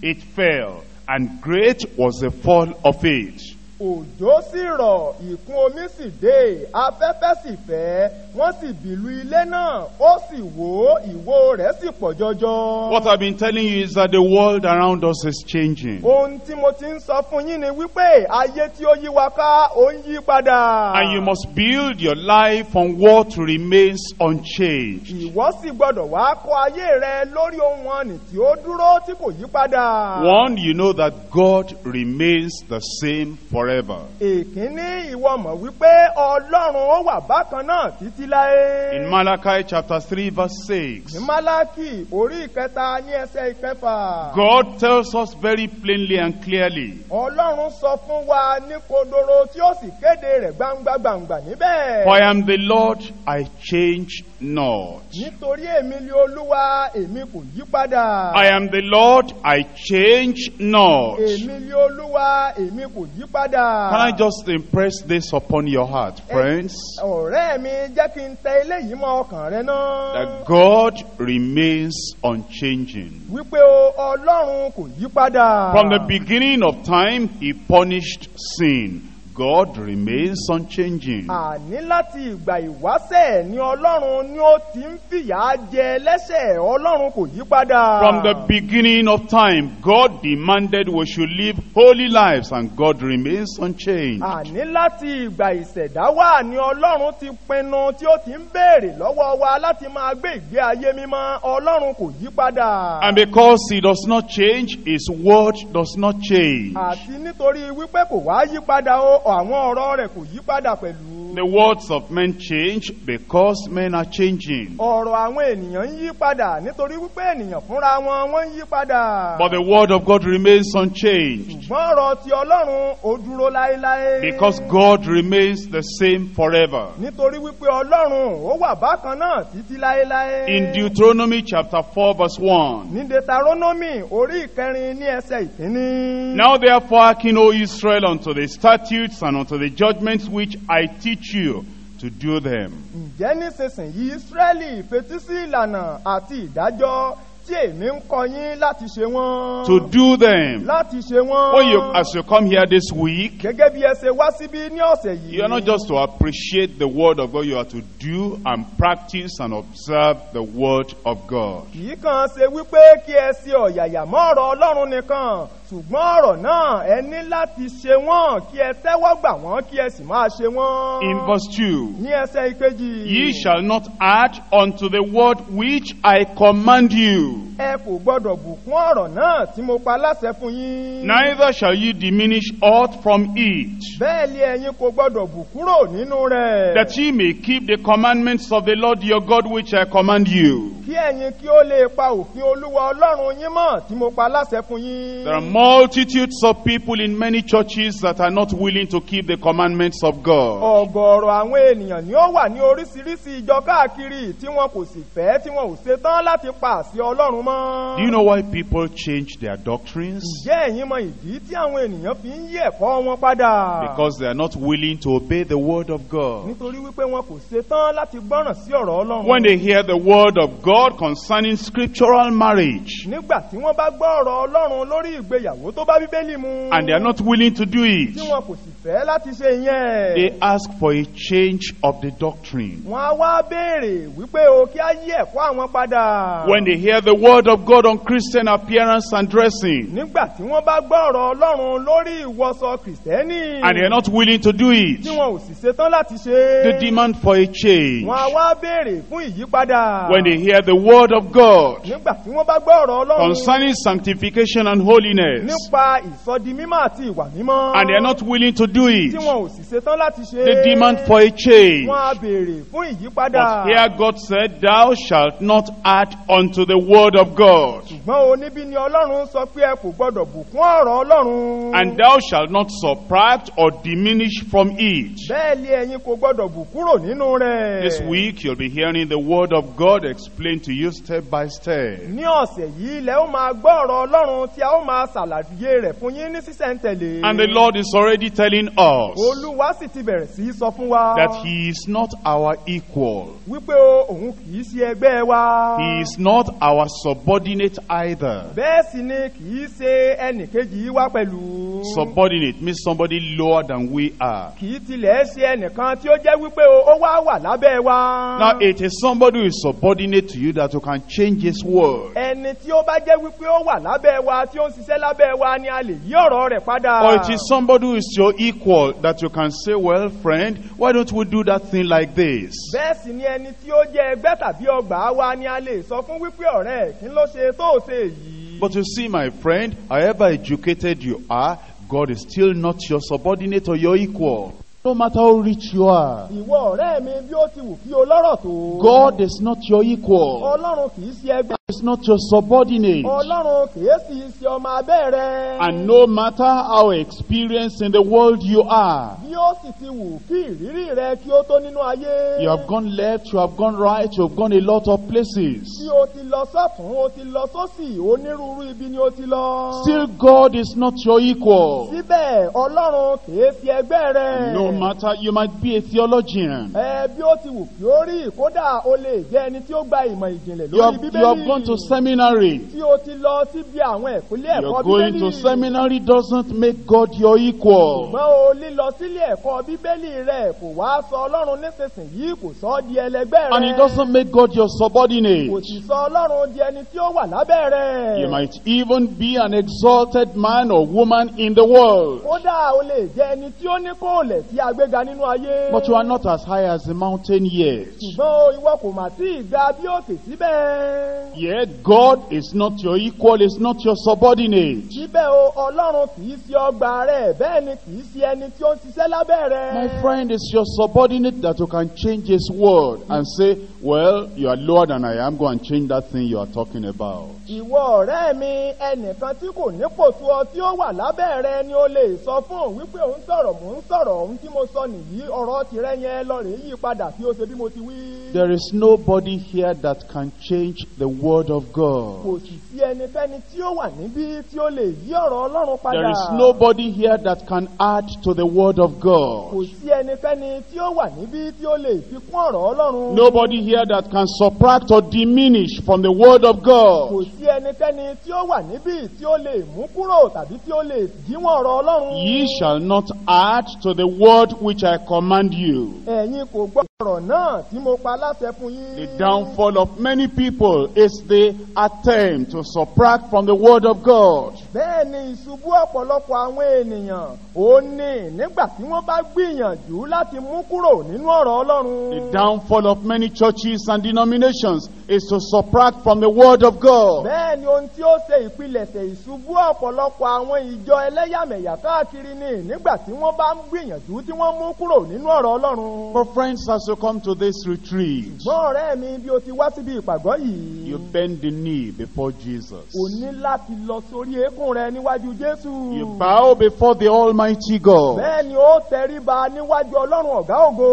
it fell. And great was the fall of it. òjò sì rọ̀ ìkún omi sì dé afẹ́fẹ́ sì fẹ́ wọ́n sì bìlù ilé náà ó sì wó ìwó rẹ̀ sì pọ̀ jọjọ. What I've been telling you is that the world around us is changing. Ohun tí mo ti ń sọ fún yín ni wípé ayé tí ó yí wa ká ó ń yí padà. And you must build your life on what remains unchanged. Ìwọ sì gbọ́dọ̀ wá kọ́ ayé rẹ lórí ohun ọ̀nì tí ó dúró tí kò yí padà. One, you know that God remains the same forever forever. Èkíní ìwọ mọ̀ wípé Ọlọ́run ó wà bákan náà títí láé. In Malachi chapter three verse six. Ní Malachi orí ìkẹta ní ẹsẹ̀ ìkẹfà. God tells us very plainly and clearly. Ọlọ́run sọ fún wa ní kodoro tí ó sì kéde rẹ̀ gbangba gbangba níbẹ̀. For I am the Lord, I change not. Nítorí èmi ni Olúwa, èmi kò yí padà. I am the Lord, I change not. Èmi ni Olúwa, èmi kò yí padà padà. Can I just impress this upon your heart, eh, friends? Ọ̀rẹ́ mi jẹ́ kí n tẹ eléyìí mọ ọkàn rẹ náà. That God remains unchanging. Wípé Ọlọ́run kò yí padà. From the beginning of time, he punished sin. God remains unchanging. Àní láti ìgbà ìwásẹ̀ ni Ọlọ́run ni ó ti ń fìyà jẹ ẹlẹ́sẹ̀ Ọlọ́run kò yí padà. From the beginning of time, God demanded we should live holy lives and God remains unchanged. Àní láti ìgbà ìṣẹ̀dá wà ni Ọlọ́run ti pinnu tí ó ti ń béèrè lọ́wọ́ wa láti máa gbé ìgbé ayé mímọ́ Ọlọ́run kò yí padà. And because he does not change, his word does not change. Àti nítorí wípé kò wá yí padà o àwọn ọ̀rọ̀ rẹ̀ kò yí padà pẹ̀lú. The words of men change because men are changing. Ọ̀rọ̀ àwọn ènìyàn ń yí padà nítorí wípé ènìyàn fúnra wọn wọ́n ń yí padà. But the word of God remains unchanged. Ṣùgbọ́n ọ̀rọ̀ ti Ọlọ́run ò dúró láéláé. Because God remains the same forever. Nítorí wípé Ọlọ́run ó wà bákan náà títí láéláé. In Deuteronomy chapter four verse one. Ní Deuteronomy orí ìkẹrin ní ẹsẹ̀ ìkíní. Now therefore hearken O Israel unto the statutes commandments and unto the judgments which I teach you to do them. ǹjẹ́ nísinsìnyí Ísírẹ́lì fetí sí ìlànà àti ìdájọ́ tí èmi ń kọ yín láti ṣe wọ́n. to do them. láti ṣe wọ́n. when oh, you as you come here this week. gẹ́gẹ́ bí ẹ ṣe wá síbí ní ọ̀sẹ̀ yìí. you are not just to appreciate the word of God you are to do and practice and observe the word of God. kì í kàn ṣe wípé kí ẹ ṣe ọ̀yàyà mọ́ ọ̀rọ̀ Ọlọ́run nìkan ṣùgbọ́n ọ̀rọ̀ náà ẹ ní láti ṣe wọ́n kí ẹ tẹ́wọ́ gbà wọ́n kí ẹ sì máa ṣe wọ́n. in verse two. ní ẹsẹ̀ ìkejì. ye shall not add unto the word which I command you. ẹ kò gbọ́dọ̀ bùkún ọ̀rọ̀ náà tí mo pa láṣẹ fún yín. neither shall you diminish aught from it. bẹ́ẹ̀ ni ẹ̀yin kò gbọ́dọ̀ bù nínú rẹ̀. that ye may keep the commandments of the Lord your God which I command you. kí ẹ̀yin kí ó lè pa òfin olúwa ọlọ́run yín mọ́ tí mo pa láṣẹ fún yín. there are multitudes of people in many churches that are not willing to keep the commandments of God. ọ̀gọ̀ọ̀rọ̀ àwọn ènìyàn ni ó wà ní oríṣiríṣi ìjọ káàkiri tí wọn kò sì fẹ́ tí wọn ò ṣetán láti pa àṣẹ ọlọ́run mọ́. do you know why people change their doctrines? ǹjẹ́ ẹ̀yin mọ ìdí tí àwọn ènìyàn fi ń yí ẹ̀kọ́ wọn padà? because they are not willing to obey the word of God. nítorí wípé wọn kò ṣetán láti gbọ́ràn sí ọ̀rọ̀ ọlọ́run. when they hear the word of God concerning scriptural marriage. nígbà tí wọ́n bá gbọ́ ọ̀rọ̀ ọlọ́run lórí ìgbéyàwó ìyàwó tó bá bíbélì mu. and they are not willing to do it. tí wọn kò sì fẹ́ láti ṣe yẹn. they ask for a change of the doctrine. wọ́n á wá béèrè wípé o kí á yí ẹ̀kọ́ àwọn padà. when they hear the word of God on Christian appearance and dressing. nígbà tí wọ́n bá gbọ́ ọ̀rọ̀ Ọlọ́run lórí ìwọṣọ kìrìsìtẹ́nì. and they are not willing to do it. tí wọn ò sì ṣetán láti ṣe. they demand for a change. wọ́n á wá béèrè fún ìyípadà. when they hear the word of God. nígbà tí wọ́n bá gbọ́ ọ̀rọ̀ Ọlọ́run. concerning sanctification and holiness holiness. Nípa ìsọdi mímọ́ àti ìwà mímọ́. And they are not willing to do it. Tí wọn ò sì ṣetán láti ṣe. They demand for a change. Wọ́n á béèrè fún ìyípadà. But here God said, Thou shalt not add unto the word of God. Ṣùgbọ́n oníbí ni Ọlọ́run sọ pé ẹ kò gbọ́dọ̀ bùkún ọ̀rọ̀ Ọlọ́run. And thou shalt not subtract or diminish from it. Bẹ́ẹ̀ni ẹ̀yin kò gbọ́dọ̀ bù kúrò nínú rẹ̀. This week you'll be hearing the word of God explained to you step by step. Ní ọ̀sẹ̀ yìí ilẹ̀ ó máa gbọ́ ọ̀rọ̀ Ọlọ́run tí a ó máa ṣàlàyé ṣàlàyé rẹ̀ fún yín ní sísẹ̀ntẹ̀lé. And the Lord is already telling us. Olúwa sì ti bẹ̀rẹ̀ sí í sọ fún wa. That he is not our equal. Wípé òun kì í ṣe ẹgbẹ́ wa. He is not our subordinate either. Bẹ́ẹ̀ sì ni kì í ṣe ẹnì wa pẹ̀lú. Subordinate means somebody lower than we are. Kì í tilẹ̀ ṣe ẹnìkan tí ó jẹ́ wípé ó wá wà lábẹ́ wa. Now it is somebody who is subordinate to you that you can change his word. Ẹni tí ó bá jẹ́ wípé ó wà lábẹ́ wa tí ó ń ṣiṣẹ́ lábẹ́ lábẹ́ wa ni a lè yí ọ̀rọ̀ rẹ̀ padà. or it is somebody who is your equal that you can say well friend why don't we do that thing like this. bẹ́ẹ̀ sì ni ẹni tí ó jẹ́ ẹgbẹ́ tàbí ọgbà wa ni a lè sọ fún wípé ọ̀rẹ́ kí ló ṣe tó o ṣe yìí. but you see my friend however educated you are God is still not your subordinate or your equal. No matter how rich you are. Ìwọ ọ̀rẹ́ mi bí ó ti wù kí o lọ́rọ̀ tó. God is not your equal. Ọlọ́run kì í ṣe ẹgbẹ́. God is not your subordinate. Ọlọ́run kì í sì ṣe ọmọ abẹ́ rẹ. And no matter how experienced in the world you are. Bí ó sì ti wù kí ìrírí rẹ kí ó tó nínú ayé. You have gone left, you have gone right, you have gone a lot of places. Bí o ti lọ sọ́tún, o ti lọ sósì, onírúurú ibi ni o ti lọ. Still God is not your equal. Síbẹ̀ Ọlọ́run kì í ṣe ẹgbẹ́ rẹ. No matter, you might be a theologian. Ẹ bí ó ti wù kí ó rí kódà o lè jẹ́ ẹni tí ó gba ìmọ̀ ìjìnlẹ̀ lórí Bíbélì. You have gone to seminary. Tí o ti lọ síbi àwọn ẹ̀kúnlé ẹ̀kọ́ Bíbélì. Your going to seminary doesn't make God your equal. Ṣùgbọ́n o lílọ sílé ẹ̀kọ́ Bíbélì rẹ̀ kò wá sọ Ọlọ́run nísinsìnyí kò sọ ọ́ di ẹlẹgbẹ́ rẹ̀. And it doesn't make God your subordinate. Kò sì sọ Ọlọ́run di ẹni tí ó wà lábẹ́ rẹ̀. You might even be an exalted man or woman in the world. Kódà o lè jẹ́ ẹni tí ó ní kóòlẹ̀ tí a àgbéga nínú ayé. but you are not as high as the mountain yet. ṣùgbọ́n ìwọ kò mà tí ì ga bí òkè síbẹ̀. yet God is not your equal is not your subordinate. síbẹ̀ o ọlọ́run kì í ṣe ọgbà rẹ̀ bẹ́ẹ̀ ni kì í ṣe ẹni tí ó ń ṣiṣẹ́ lábẹ́ rẹ̀. my friend is your subordinate that you can change his word and say well you are lower than I am go and change that thing you are talking about. ìwọ ọ̀rẹ́ mi ẹnìkan tí kò ní kò tó ọ tí ó wà lábẹ́ rẹ ni o lè sọ fún òun wípé òun sọ̀rọ̀ mò ń sọ̀rọ̀ òun tí mo mo sọ nìyí ọ̀rọ̀ tìrẹ yẹn lọ́rẹ̀ yí padà kí o ṣe bí mo ti wí. There is nobody here that can change the word of God. Kò sì sí ẹnikẹ́ni tí ó wà níbí tí ó lè yí ọ̀rọ̀ Ọlọ́run padà. There is nobody here that can add to the word of God. Kò sí ẹnikẹ́ni tí ó wà níbí tí ó lè fi kún ọ̀rọ̀ Ọlọ́run. Nobody here that can subtract or diminish from the word of God. Kò sí ẹnikẹ́ni tí ó wà níbí tí ó lè mú kúrò tàbí tí ó lè díwọ̀n ọ̀rọ̀ Ọlọ́run. Ye shall not add to the word word which I command you. Ẹ̀yin kò gbọ́ ọ̀rọ̀ náà tí mo pa láṣẹ fún yín. The downfall of many people is the attempt to subtract from the word of God. Bẹ́ẹ̀ ìṣubú ọ̀pọ̀lọpọ̀ àwọn ènìyàn ó ní nígbà tí wọ́n bá gbìyànjú láti mú kúrò nínú ọ̀rọ̀ Ọlọ́run. The downfall of many churches and denominations is to subtract from the word of God. Bẹ́ẹ̀ ohun tí ó ṣe ìpilẹ̀ṣẹ̀ ìṣubú ọ̀pọ̀lọpọ̀ àwọn ìjọ ẹlẹ́yàmẹ̀yà káàkiri ni nígbà tí wọ́n bá ń gbìyànjú tí wọ́n mú kúrò nínú ọ̀rọ̀ ọlọ́run. but friends as you come to this retreat. ṣùgbọ́n ọ̀rẹ́ mi bí o ti wá síbi ìpàgọ́ yìí. you bend the knee before Jesus. o ní láti lọ sórí eékún rẹ níwájú Jésù. you bow before the almighty God. bẹ́ẹ̀ ni ó tẹríba níwájú ọlọ́run ọ̀gá ògo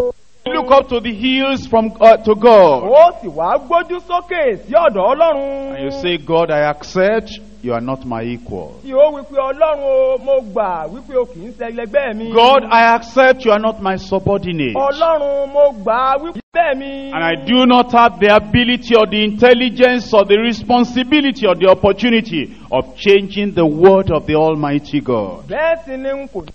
look up to the hills from uh, to God. Ó sì wá gbójú sókè sí ọ̀dọ̀ Ọlọ́run. And you say, God, I accept you are not my equal. Tí ó wípé Ọlọ́run o, mo gbà wípé o kì í ṣe ẹlẹgbẹ́ mi. God, I accept you are not my subordinate. Ọlọ́run mo gbà wípé bẹ́ẹ̀ mi. And I do not have the ability or the intelligence or the responsibility or the opportunity of changing the word of the Almighty God. Bẹ́ẹ̀ sì ni n kò ní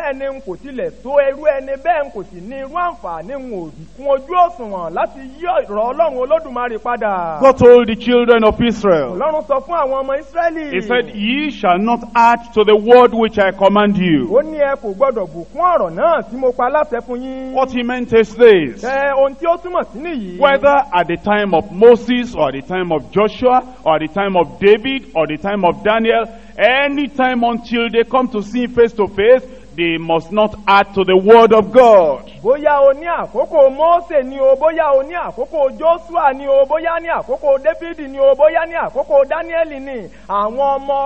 bẹ́ẹ̀ n kò tilẹ̀ tó irú ẹni bẹ́ẹ̀ n kò sì ní irú àǹfààní n ò sì kún ojú òṣùwọ̀n láti yí ọ̀rọ̀ ọlọ́run olódùmarè padà. God told the children of Israel. ọlọ́run sọ fún àwọn ọmọ Ísírẹ́lì. He said ye shall not add to the word which I command you. ó ní ẹ kò gbọdọ̀ bùkún ọ̀rọ̀ náà tí mo pa láṣẹ fún yín. What he meant is this. ẹ ohun tí ó túmọ̀ sí nìyí. Whether at the time of Moses or the time of Joshua or the time of David or the time of Daniel any time until they come to see face to face they must not add to the word of God. Bóyá o ní àkókò Mósè ni o, bóyá o ní àkókò Jósùà ni o, bóyá ní àkókò Dávidi ni o, bóyá ní àkókò Dáníẹ́lì ni, àwọn ọmọ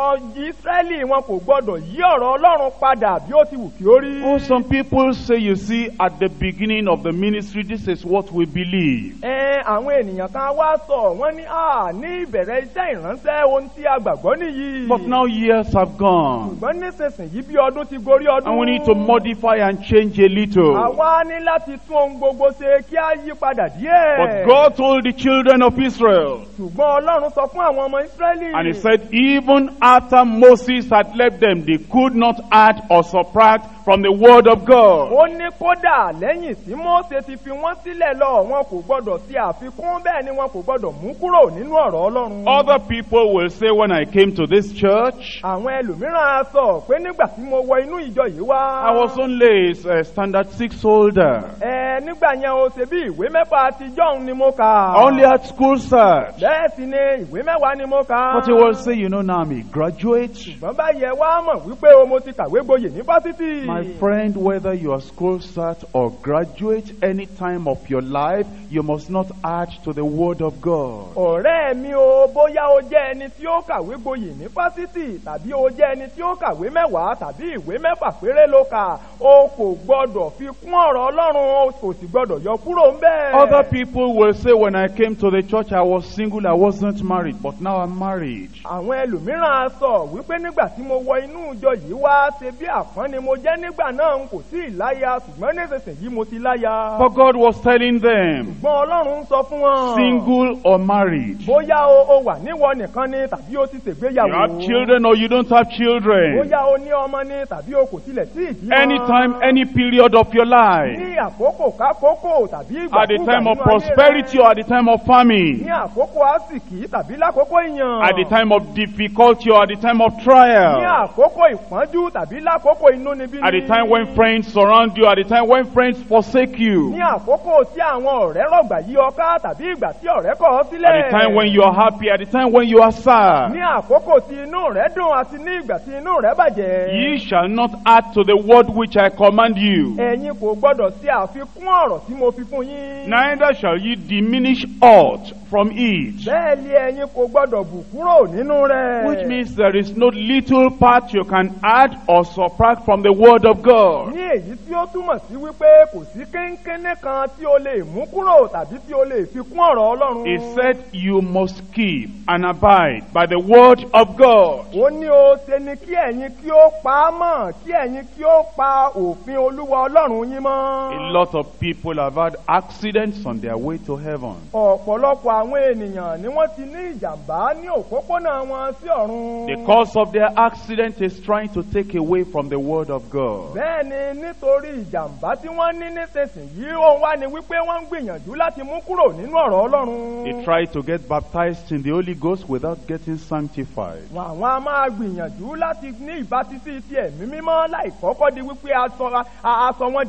Ísírẹ́lì wọn kò gbọ́dọ̀ yí ọ̀rọ̀ Ọlọ́run padà bí ó ti wù kí ó rí. Oh, some people say you see at the beginning of the ministry this is what we believe. Ẹ àwọn ènìyàn kan wá sọ, wọ́n ní à ní ìbẹ̀rẹ̀ iṣẹ́ ìránṣẹ́ ohun tí a gbàgbọ́ nìyí. But now years have gone. Ṣùgbọ́n nísinsìnyí bí ọdún ti gorí ọdún we need to modify and change a little. Àwa ní láti tún ohun gbogbo ṣe kí á yí padà díẹ̀. But God told the children of Israel. Ṣùgbọ́n Ọlọ́run sọ fún àwọn ọmọ Ísírẹ́lì. And he said even after Moses had left them they could not add or subtract from the word of God. ó ní kódà lẹ́yìn tí Mósè ti fi wọ́n sílẹ̀ lọ wọn kò gbọ́dọ̀ sí àfikún bẹ́ẹ̀ ni wọn kò gbọ́dọ̀ mú kúrò nínú ọ̀rọ̀ Ọlọ́run. other people will say when I came to this church. àwọn ẹlòmíràn á sọ pé nígbà tí mo wọ inú ìjọ yìí wá. I was only a standard six holder. ẹ nígbà yẹn o ṣe bí ìwé mẹ́fà àtijọ́ ni mo kà. only at school cert. bẹ́ẹ̀ sì ni ìwé mẹ́wàá ni mo kà. but he will say you know now I'm a graduate. ṣùgbọ́n báyẹn wá mọ̀ wípé o mo ti kàwé gboyè ní fásitì. My friend, whether you are school cert or graduate, any time of your life, you must not add to the word of God. Ọ̀rẹ́ mi o, bóyá o jẹ́ ẹni tí ó kàwé gboyè ní fásitì tàbí o jẹ́ ẹni tí ó kàwé mẹ́wàá tàbí ìwé mẹ́fà péré ló kà, o kò gbọ́dọ̀ fi kún ọ̀rọ̀ Ọlọ́run, o kò sì gbọ́dọ̀ yọ kúrò ń bẹ́ẹ̀. Other people will say when I came to the church I was single, I wasn't married, but now I'm married. Àwọn ẹlòmíràn sọ wípé nígbà tí mo wọ inú ìjọ yìí wá ṣe bí àpọ́n mo jẹ́ nígbà náà n kò tí ì ṣùgbọ́n nísinsìnyí mo ti láya. for God was telling them. ṣùgbọ́n ọlọ́run sọ fún wọn. single or married. bóyá o o wà níwọ nìkan ni tàbí o ti ṣègbéyàwó. you have children or you don't have children. bóyá o ní ọmọ ni tàbí o kò tilẹ̀ tí ì bímọ. anytime any period of your life. ní àkókò kákókò tàbí ìgbàkúgbà nínú ayé rẹ. at the time of prosperity or at the time of famine. ní àkókò àsìkì tàbí lákòókò ìyàn. at the time of difficulty or at the time of trial. ní àkókò ìpọ́njú tàbí lákòókò inú níbí ni the time when friends surround you, at the time when friends forsake you. Ní àkókò tí àwọn ọ̀rẹ́ rọ̀gbà yí ọ tàbí ìgbà tí ọ̀rẹ́ kọ̀ ọ́ sílẹ̀. At the time when you are happy, at the time when you are sad. Ní àkókò tí inú rẹ̀ dùn àti ní ìgbà tí inú rẹ̀ bàjẹ́. Ye shall not add to the word which I command you. Ẹ̀yin kò gbọ́dọ̀ sí àfikún ọ̀rọ̀ tí mo fi fún yín. Neither shall ye diminish aught from it. Bẹ́ẹ̀ ni ẹ̀yin kò gbọ́dọ̀ bù kúrò nínú rẹ̀. Which means there is no little part you can add or subtract from the word word of God. Ní èyí tí ó túmọ̀ sí wípé kò sí kéńkéné kan tí o lè mú kúrò tàbí tí o lè fi kún ọ̀rọ̀ Ọlọ́run. He said you must keep and abide by the word of God. Ó ní o ṣe ni kí ẹ̀yin kí ó pa á mọ̀ kí ẹ̀yin kí ó pa òfin Olúwa Ọlọ́run yín mọ́. A lot of people have had accidents on their way to heaven. Ọ̀pọ̀lọpọ̀ àwọn ènìyàn ni wọ́n ti ní ìjàmbá ní òpópónà wọn sí ọ̀run. The cause of their accident is trying to take away from the word of God lọ. bẹ́ẹ̀ni nítorí ìjàmbá tí wọ́n ní nísinsìnyí òun wá ni wípé wọ́n ń gbìyànjú láti mú kúrò nínú ọ̀rọ̀ Ọlọ́run. they try to get baptized in the Holy Ghost without getting sanctified. àwọn a máa gbìyànjú láti ní ìbátisí ti ẹ̀mí mímọ́ láì kọ́kọ́ di wípé a sọ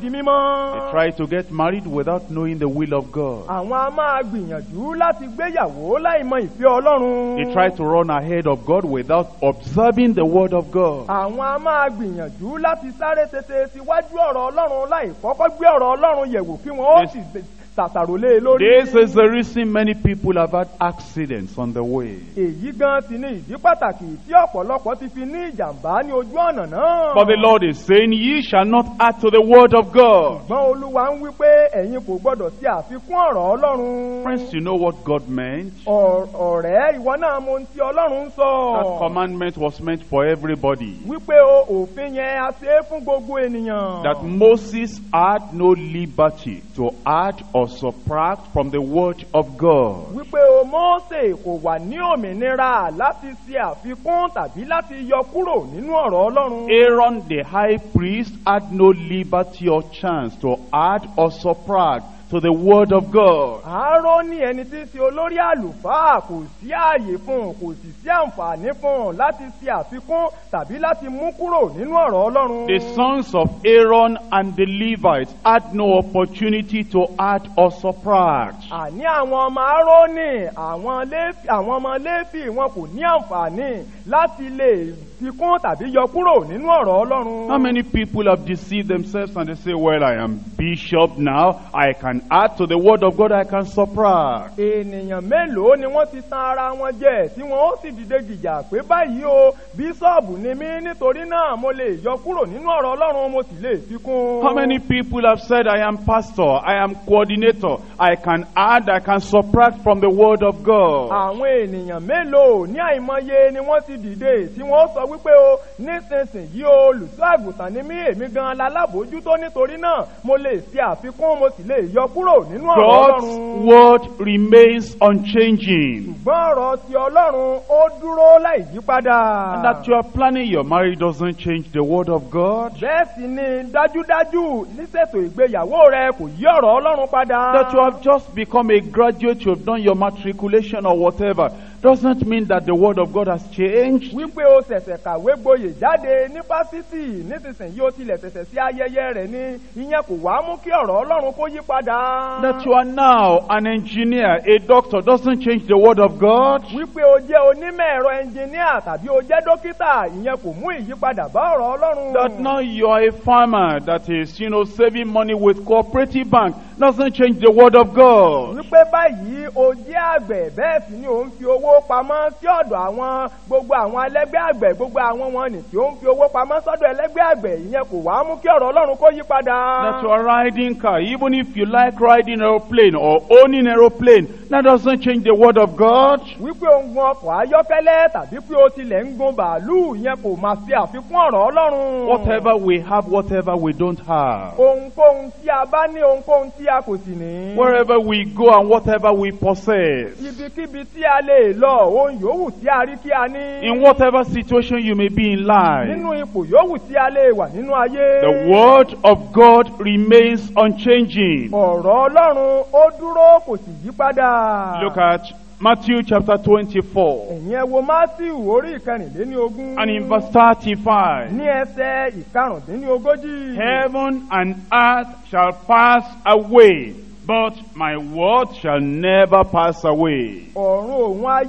di mímọ́. they try to get married without knowing the will of God. àwọn a máa gbìyànjú láti gbéyàwó láì mọ ìfẹ́ Ọlọ́run. they try to run ahead of God without observing the word of God. àwọn a máa gbìyànjú láti sá sáré tètè síwájú ọ̀rọ̀ ọlọ́run láì kọ́kọ́ gbé ọ̀rọ̀ ọlọ́run yẹ̀wò kí wọ́n ó sì ṣàṣàrò e lórí. This is the reason many people have had accidents on the way. Èyí gan ti ní ìdí pàtàkì tí ọ̀pọ̀lọpọ̀ ti fi ní ìjàmbá ní ojú ọ̀nà náà. But the Lord is saying, ye shall not add to the word of God. Ṣùgbọ́n Olúwa ń wí pé ẹ̀yin kò gbọ́dọ̀ sí àfikún ọ̀rọ̀ Ọlọ́run. Friends, you know what God meant? Ọ̀rẹ́ ìwọ náà mo ti Ọlọ́run sọ. That commandment was meant for everybody. Wípé òfin yẹn a ṣe é fún gbogbo ènìyàn. That Moses had no liberty to add or was suppressed from the word of God. Wípé o Mósè kò wà ní òmìnira láti ṣe àfikún tàbí láti yọ kúrò nínú ọ̀rọ̀ Ọlọ́run. Aaron the high priest had no liberty or chance to add or subtract to the word of God. Aaroni ẹni tí í ṣe olórí àlùfáà kò sí ààyè fún kò sì sí àǹfààní fún láti ṣe àfikún tàbí láti mú kúrò nínú ọ̀rọ̀ Ọlọ́run. The sons of Aaron and the Levites had no opportunity to add or subtract. Àní àwọn ọmọ Aaroni àwọn ọmọ Léfì wọn kò ní àǹfààní láti lè fi kún tàbí yọ kúrò nínú ọ̀rọ̀ ọlọ́run. how many people have deceived themselves and they say well I am bishop now I can add to the word of God I can subtract. ènìyàn mélòó ni wọ́n ti tan ara wọn jẹ tí wọ́n ó sì dìde gìjà pé báyìí o bíṣọ̀bù ni mí nítorí náà mo lè yọ kúrò nínú ọ̀rọ̀ ọlọ́run mo sì lè fi kún. how many people have said I am pastor I am coordinator I can add I can subtract from the word of God. àwọn ènìyàn mélòó ní àìmọye ni wọ́n ti dìde tí wọ́n sọ wípé o nísinsìnyí o olùṣọ́ àgùntàn ni mí èmi gan lalábòójútó nítorí náà mo lè ṣe àfikún mo sì lè yọ kúrò nínú ọ̀rọ̀ ọlọ́run. God's word remains unchanging. ṣùgbọ́n ọ̀rọ̀ ti ọlọ́run ó dúró láì yípadà. And that you are planning your marriage doesn't change the word of God. bẹ́ẹ̀ sì ni dájúdájú níṣètò ìgbéyàwó rẹ kò yí ọ̀rọ̀ ọlọ́run padà. That you have just become a graduate you have done your matriculation or whatever. Does not mean that the word of God has changed. wípé o ṣẹ̀ṣẹ̀ kàwé gboyè jáde ní fásitì nísinsìnyí o tilẹ̀ ṣẹ̀ṣẹ̀ sí ayẹyẹ rẹ̀ ni ìyẹn kò wá mú kí ọ̀rọ̀ ọlọ́run kó yí padà. that you are now an engineer a doctor doesn't change the word of God. wípé o jẹ́ onímọ̀ ẹ̀rọ ẹnjìníà tàbí o jẹ́ dókítà ìyẹn kò mú ìyípadà bá ọ̀rọ̀ ọlọ́run. that now you are a farmer that is you know, saving money with cooperative bank doesn't change the word of God. wípé báyìí o jẹ́ àgbẹ̀ bẹ́ẹ̀ sì ni ò ń fi owó pamọ́ sí ọ̀dọ̀ àwọn gbogbo àwọn ẹlẹ́gbẹ́ àgbẹ̀ gbogbo àwọn wọn nì tí ó ń fi owó pamọ́ sọ́dọ̀ ẹlẹ́gbẹ́ àgbẹ̀ ìyẹn kò wá mú kí ọ̀rọ̀ ọlọ́run kó yí padà. that you riding car even if you like riding aeroplane or owning aeroplane that doesn't change the word of God. wípé o ń gun ọkọ̀ ayọ́kẹ́lẹ́ tàbí pé o tilẹ̀ ń gun bàálù ìyẹn kò máa ṣe àfikún ọ̀rọ̀ ọlọ́run. whatever we have whatever we don't have. ohunkóhun tí a bá ní ohunkóhun tí tí a kò sì ní. wherever we go and whatever we possess. ibikíbi tí a lè lọ ohun yòówù tí a rí kí a ní. in whatever situation you may be in life. nínú ipò yòówù tí a lè wà nínú ayé. the word of God remains unchanging. ọ̀rọ̀ ọlọ́run ó dúró kò sì yí padà. look at Matthew chapter 24. Ẹ̀yin And in verse thirty-five. Heaven and earth shall pass away. But my word shall never pass away. Ọ̀run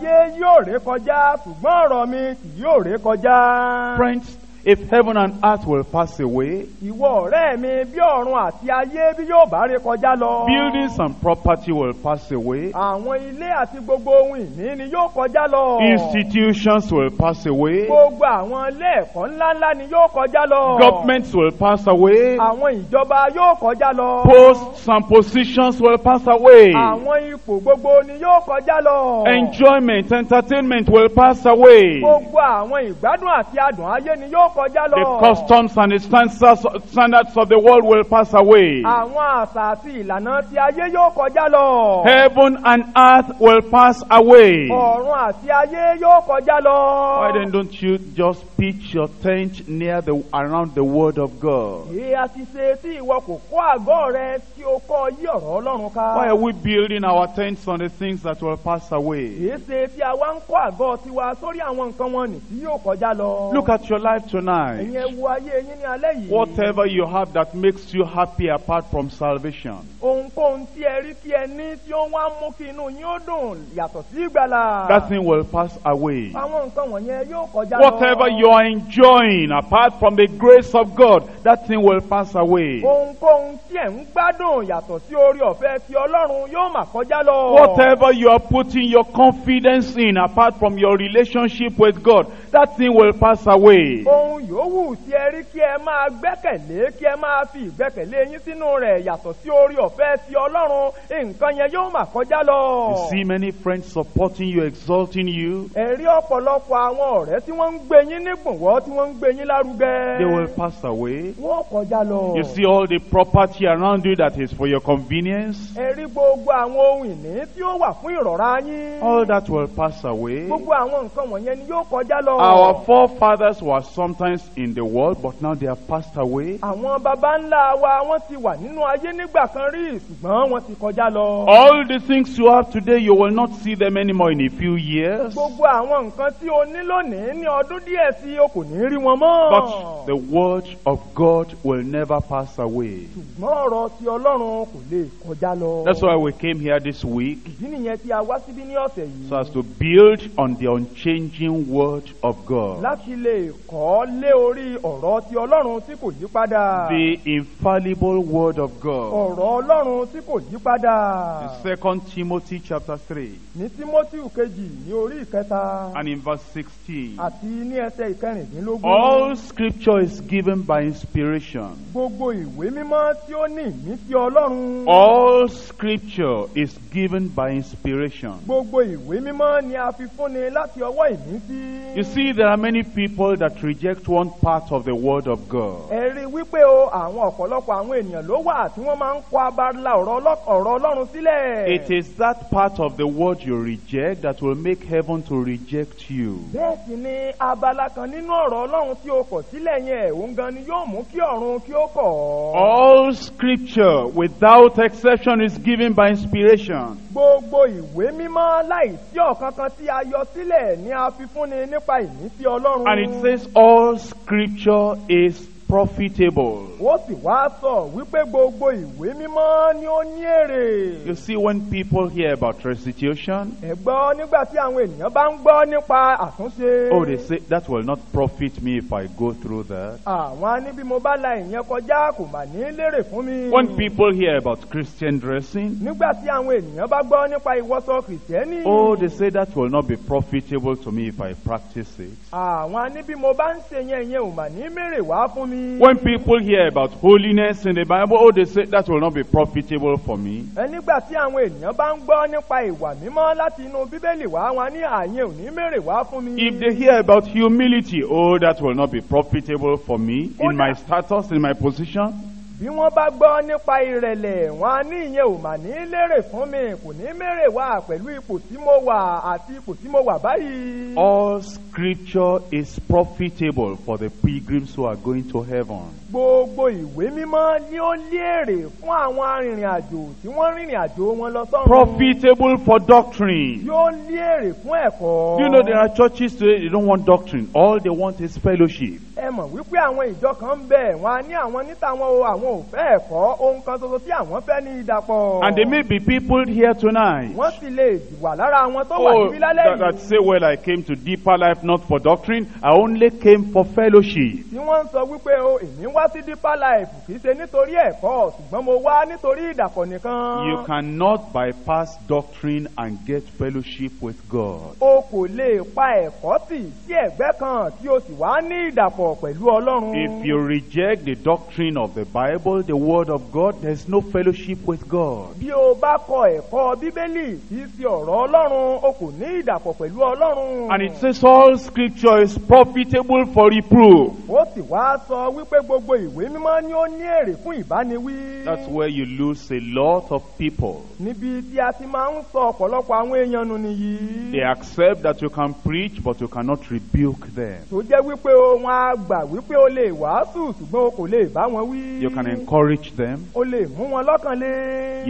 Friends, if heaven and earth will pass away. Ìwọ ọ̀rẹ́ mi bí ọ̀run àti ayé bí yóò bá ré kọjá lọ. Buildings and property will pass away. Àwọn ilé àti gbogbo ohun ìní ni yóò kọjá lọ. Institutions will pass away. Gbogbo àwọn ilé ẹ̀kọ́ ńláńlá ni yóò kọjá lọ. Governments will pass away. Àwọn ìjọba yóò kọjá lọ. Posts and positions will pass away. Àwọn ipò gbogbo ni yóò kọjá lọ. Enjoyment entertainment will pass away. Gbogbo àwọn ìgbádùn àti adùn ayé ni yóò kọjá lọ. the customs and the standards of the world will pass away. àwọn àṣà àti ìlànà ti ayé yóò kọjá lọ. heaven and earth will pass away. ọ̀run àti ayé yóò kọjá lọ. why then don't you just pitch your tent near the around the word of God. ṣé a ti ṣe tí ìwọ kò kó àgọ́ rẹ tí o kọ́ yí ọ̀rọ̀ ọlọ́run ká. why are we building our tents on the things that will pass away. ṣé ṣe tí a wá ń kọ́ àgọ́ tiwa sórí àwọn nǹkan wọn nì tí yóò kọjá lọ. look at your life tonight tonight. Whatever you have that makes you happy apart from salvation. That thing will pass away. Whatever you are enjoying apart from the grace of God, that thing will pass away. Whatever you are putting your confidence in apart from your relationship with God, that thing will pass away ohun yòówù tí ẹ kí ẹ máa gbẹ́kẹ̀lé kí ẹ máa fi ìgbẹ́kẹ̀lé yín sínú rẹ̀ yàtọ̀ sí orí ọ̀fẹ́ ti Ọlọ́run nǹkan yẹn yóò mà kọjá lọ. You see many friends supporting you, exalting you. Ẹ ọ̀pọ̀lọpọ̀ àwọn ọ̀rẹ́ tí wọ́n ń gbé yín ní gbòǹwọ́ tí wọ́n ń gbé yín lárugẹ. They will pass away. Wọ́n kọjá lọ. You see all the property around you that is for your convenience. Ẹ gbogbo àwọn ohun ìní tí ó wà fún ìrọ̀rá yín. All that will pass away. Gbogbo àwọn nǹkan wọ̀nyẹn ni yóò kọjá lọ. Our forefathers were some sometimes in the world, but now they have passed away. Àwọn baba ńlá wa wọ́n ti wà nínú ayé nígbà kan rí, ṣùgbọ́n wọ́n ti kọjá lọ. All the things you have today, you will not see them anymore in a few years. Gbogbo àwọn nǹkan tí o ní lónìí ní ọdún díẹ̀ sí o kò ní rí wọn mọ́. But the word of God will never pass away. Ṣùgbọ́n ọ̀rọ̀ ti Ọlọ́run kò lè kọjá lọ. That's why we came here this week. Ìdí nìyẹn tí a wá síbí ní ọ̀sẹ̀ yìí. So as to build on the unchanging word of God. Láti lè kọ́ lé orí ọ̀rọ̀ ti ọlọ́run tí kò yí padà. the infallible word of God. ọ̀rọ̀ ọlọ́run tí kò yí padà. the second Timothy chapter three. ní kejì ní orí ìkẹta. and in verse sixteen. àti ní ẹsẹ̀ ìkẹrìndínlógún. all scripture is given by inspiration. gbogbo ìwé mímọ́ tí ó ní ọlọ́run. all scripture is given by inspiration. gbogbo ìwé mímọ́ ni a fi fúnni láti ọwọ́ ìmísí. you see there are many people that reject. reject one part of the word of God. Ẹ rí i wípé o, àwọn ọ̀pọ̀lọpọ̀ àwọn ènìyàn ló wà tí wọ́n máa ń kọ abala ọ̀rọ̀ Ọlọ́run sílẹ̀. It is that part of the word you reject that will make heaven to reject you. Bẹ́ẹ̀ sì ni abala kan nínú ọ̀rọ̀ Ọlọ́run tí o kọ̀ sílẹ̀ yẹn, òun gan ni yóò mú kí ọ̀run kí ó kọ̀ All scripture without exception is given by inspiration. Gbogbo ìwé mímọ́ láì sí ọ̀kankan tí a yọ sílẹ̀ ni a fi fúnni nípa ìmísí Ọlọ́run. And it says all all scripture is profitable. Ó sì wá sọ wípé gbogbo ìwé mímọ́ ni ó ní èrè. You see when people hear about restitution. Ẹ nígbà tí àwọn ènìyàn bá ń gbọ́ nípa àtúnṣe. Oh they say that will not profit me if I go through that. Àwọn aníbí mo bá la ìyẹn kọjá kò mà ní lérè fún mi. When people hear about Christian dressing. Nígbà tí àwọn ènìyàn bá gbọ́ nípa ìwọṣọ Kìrìsìtẹ́nì. Oh they say that will not be profitable to me if I practice it. Àwọn aníbí mo bá ń ṣe yẹn yẹn ò mà ní mèrè wá fún mi. When people hear about holiness in the Bible, oh, they say that will not be profitable for me. Nígbà tí àwọn ènìyàn bá ń gbọ́ nípa ìwà mímọ́ láti inú Bíbélì wá, wọn ní ààyè ò mèrè wá fún mi. If they hear about humility, oh, that will not be profitable for me in my status, in my position bí wọ́n bá gbọ́ nípa ìrẹ̀lẹ̀ wọn á ní ìyẹn ò mà ní lérè fún mi kò ní mèrè wá pẹ̀lú ipò tí mo wà àti ipò tí mo wà báyìí. All scripture is profitable for the pilgrims who are going to heaven gbogbo ìwé mímọ́ ni ó léèrè fún àwọn arìnrìn-àjò tí wọ́n rìnrìn àjò wọn lọ sọ́run. profitable for doctrine. yóò léèrè fún ẹ̀kọ́. you know there are churches today they don't want doctrine all they want is fellowship. ẹ mọ̀ wípé àwọn ìjọ kan ń bẹ wọn a ní àwọn níta wọn o àwọn ò fẹ́ ẹ̀kọ́ ohun kan ṣoṣo tí àwọn fẹ́ ní ìdàpọ̀. and there may be people here tonight. wọ́n sì lè wà lára àwọn tó wà oh, níbí lálẹ́ yìí. oh that say well I came to deeper life not for doctrine I only came for fellowship. tí wọ́n sọ wípé o oh, èmi w wá sí deeper life kì í ṣe nítorí ẹ̀kọ́ ṣùgbọ́n mo wá nítorí ìdàpọ̀ nìkan. you cannot bypass doctrine and get fellowship with God. o kò lè pa ẹ̀kọ́ tì sí ẹ̀gbẹ́ kan tí o sì wá ní ìdàpọ̀ pẹ̀lú Ọlọ́run. if you reject the doctrine of the Bible the word of God there is no fellowship with God. bí o bá kọ ẹ̀kọ́ Bíbélì kì í ṣe ọ̀rọ̀ Ọlọ́run o kò ní ìdàpọ̀ pẹ̀lú Ọlọ́run. and it says all scripture is profitable for reproof. ó sì wá sọ wípé gbogbo gbogbo ìwé mímọ́ ni ó ní èrè fún ìbániwí. that's where you lose a lot of people. níbi tí a ti máa ń sọ ọ̀pọ̀lọpọ̀ àwọn èèyàn nù nìyí. they accept that you can preach but you cannot rebuke them. tó jẹ́ wípé o á gbà wípé o lè wàásù ṣùgbọ́n o kò lè bá wọn wí. you can encourage them. o lè mú wọn lọ́kàn lé.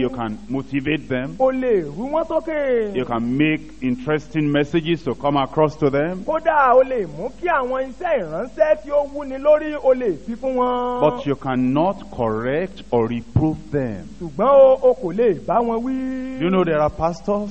you can motivate them. o lè rú wọn sókè. you can make interesting messages to come across to them. kódà o lè mú kí àwọn iṣẹ́ ìránṣẹ́ tí ó wúni lórí o lè fi fún wọn. But you cannot correct or reprove them. Ṣùgbọ́n o kò lè bá wọn wí. you know there are pastors?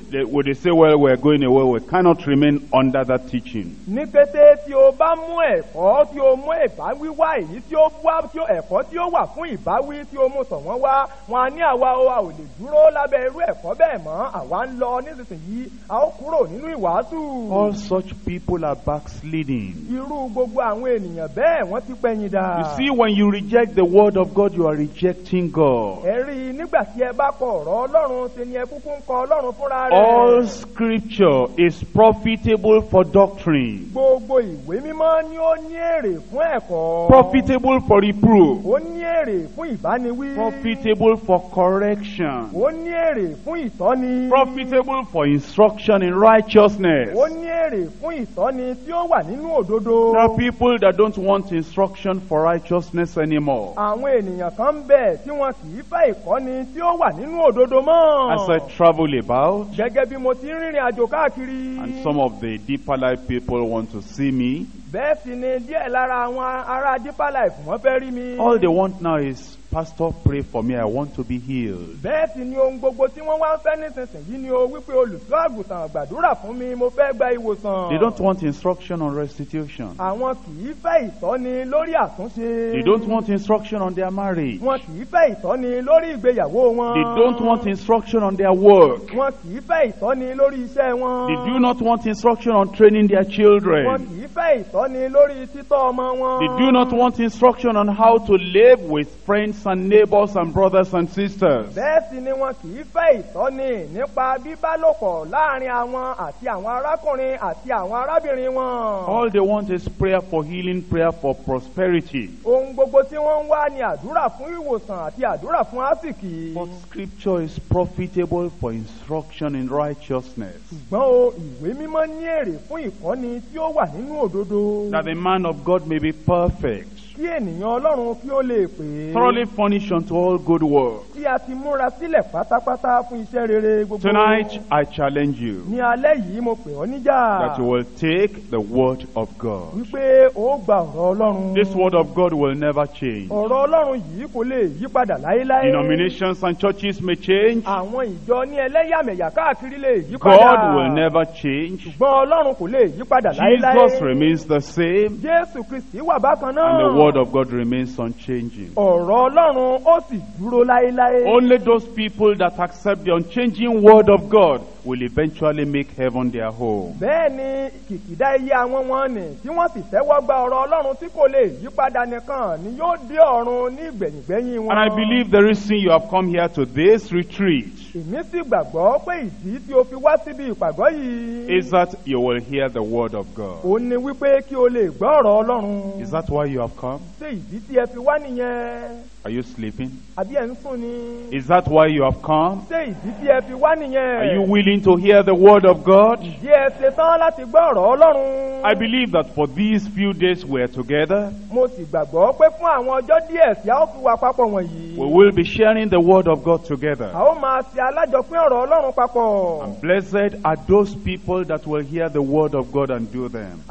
would they say, well, we're going away, we cannot remain under that teaching. Ní kété tí o bá mú ẹ̀kọ́ tí o mú ìbáwíwá èyí tí ó wá tí ẹ̀kọ́ tí ó wà fún ìbáwí tí o mú tọ̀ wọ́n wá wọn a ní àwa o a ò lè dúró lábẹ́ irú ẹ̀kọ́ bẹ́ẹ̀ mọ́ àwa ń lọ nísinsìnyí a ó kúrò nínú ìwàásù. All such people are backsliding. Irú gbogbo àwọn ènìyàn bẹ́ẹ̀ wọ́n ti pẹ́yìn dà. You see when you reject the word of God you are rejecting God. Ẹ rí i nígbà tí ẹ bá kọ̀ ọ̀rọ̀ All scripture is profitable for doctrine. Gbogbo ìwé mímọ́ ni ó ní èrè fún ẹ̀kọ́. Profitable for reproof. Ó ní èrè fún ìbániwí. Profitable for correction. Ó ní èrè fún ìtọ́ni. Profitable for instruction in righteousness. Ó ní èrè fún ìtọ́ni tí ó wà nínú òdodo. There are people that don't want instruction for righteousness anymore. Àwọn ènìyàn kan bẹ̀ tí wọn kì í fẹ́ ìkọ́ni tí ó wà nínú òdodo mọ́. As I travel about. Gẹ́gẹ́ gẹ́gẹ́ bí mo ti ń rìnrìn àjò káàkiri. and some of the deeper life people want to see me bẹ́ẹ̀ sì ni díẹ̀ lára àwọn ará deeper life wọ́n fẹ́ rí mi. all they want now is pastor pray for me i want to be healed. bẹ́ẹ̀ sì ni ohun gbogbo tí wọ́n wá ń fẹ́ nísinsìnyí ni o wípé olùṣọ́ àgùntàn gbàdúrà fún mi mo fẹ́ gba ìwòsàn. they don't want instruction on restitution. àwọn kì í fẹ́ ìtọ́ni lórí àtúnṣe. they don't want instruction on their marriage. wọn kì í fẹ́ ìtọ́ni lórí ìgbéyàwó wọn. they don't want instruction on their work. wọn kì í fẹ́ ìtọ́ni lórí iṣẹ́ wọn. they do not want instruction on training their children. wọn kì í fẹ́ ìtọ́ ìtọ́ni lórí títọ́ ọmọ wọn. They do not want instruction on how to live with friends and neighbors and brothers and sisters. Bẹ́ẹ̀ sì ni wọn kì í fẹ́ ìtọ́ni nípa bíbálòpọ̀ láàrin àwọn àti àwọn arákùnrin àti àwọn arábìnrin wọn. All they want is prayer for healing, prayer for prosperity. Ohun gbogbo tí wọ́n ń wá ni àdúrà fún ìwòsàn àti àdúrà fún àsìkí. But scripture is profitable for instruction in righteousness. Ṣùgbọ́n o ìwé mímọ́ ní èrè fún ìkọ́ni tí ó wà nínú òdodo. that the man of God may be perfect kí ènìyàn ọlọ́run kí ó lè pè é. thoroughly furnished unto all good work. tí a ti múra sílẹ̀ pátápátá fún iṣẹ́ rere gbogbo. tonight I challenge you. ní alẹ́ yìí mo pè ọ́ níjà. that you will take the word of God. wípé o gba ọ̀rọ̀ ọlọ́run. this word of God will never change. ọ̀rọ̀ ọlọ́run yìí kò lè yí padà láéláé. denominations and churches may change. àwọn ìjọ ní ẹlẹ́yàmẹ̀yà káàkiri lè yí padà. God will never change. ṣùgbọ́n ọlọ́run kò lè yí padà láéláé. Jesus remains the same. Jésù Kristì wà bákan náà. and the word word of God remains unchanging. Ọ̀rọ̀ Ọlọ́run ó sì dúró láéláé. Only those people that accept the unchanging word of God will eventually make heaven their home. bẹ́ẹ̀ ni kìkìdá iye àwọn wọn nì tí wọ́n sì tẹ́wọ́ gba ọ̀rọ̀ ọlọ́run tí kò lè yípadà nìkan ni yóò dé ọ̀run ní gbẹ̀yìngbẹ̀yìn wọn. and I believe the reason you have come here to this retreat. èmi sì gbàgbọ́ pé ìdí tí o fi wá síbi ìpàgọ́ yìí. is that you will hear the word of God. ó ní wípé kí o lè gbọ́ ọ̀rọ̀ ọlọ́run. is that why you have come? ṣé ìdí tí ẹ fi wá nìyẹn. Are you sleeping? Is that why you have come? Are you willing to hear the word of God? I believe that for these few days we are together, we will be sharing the word of God together. And blessed are those people that will hear the word of God and do them.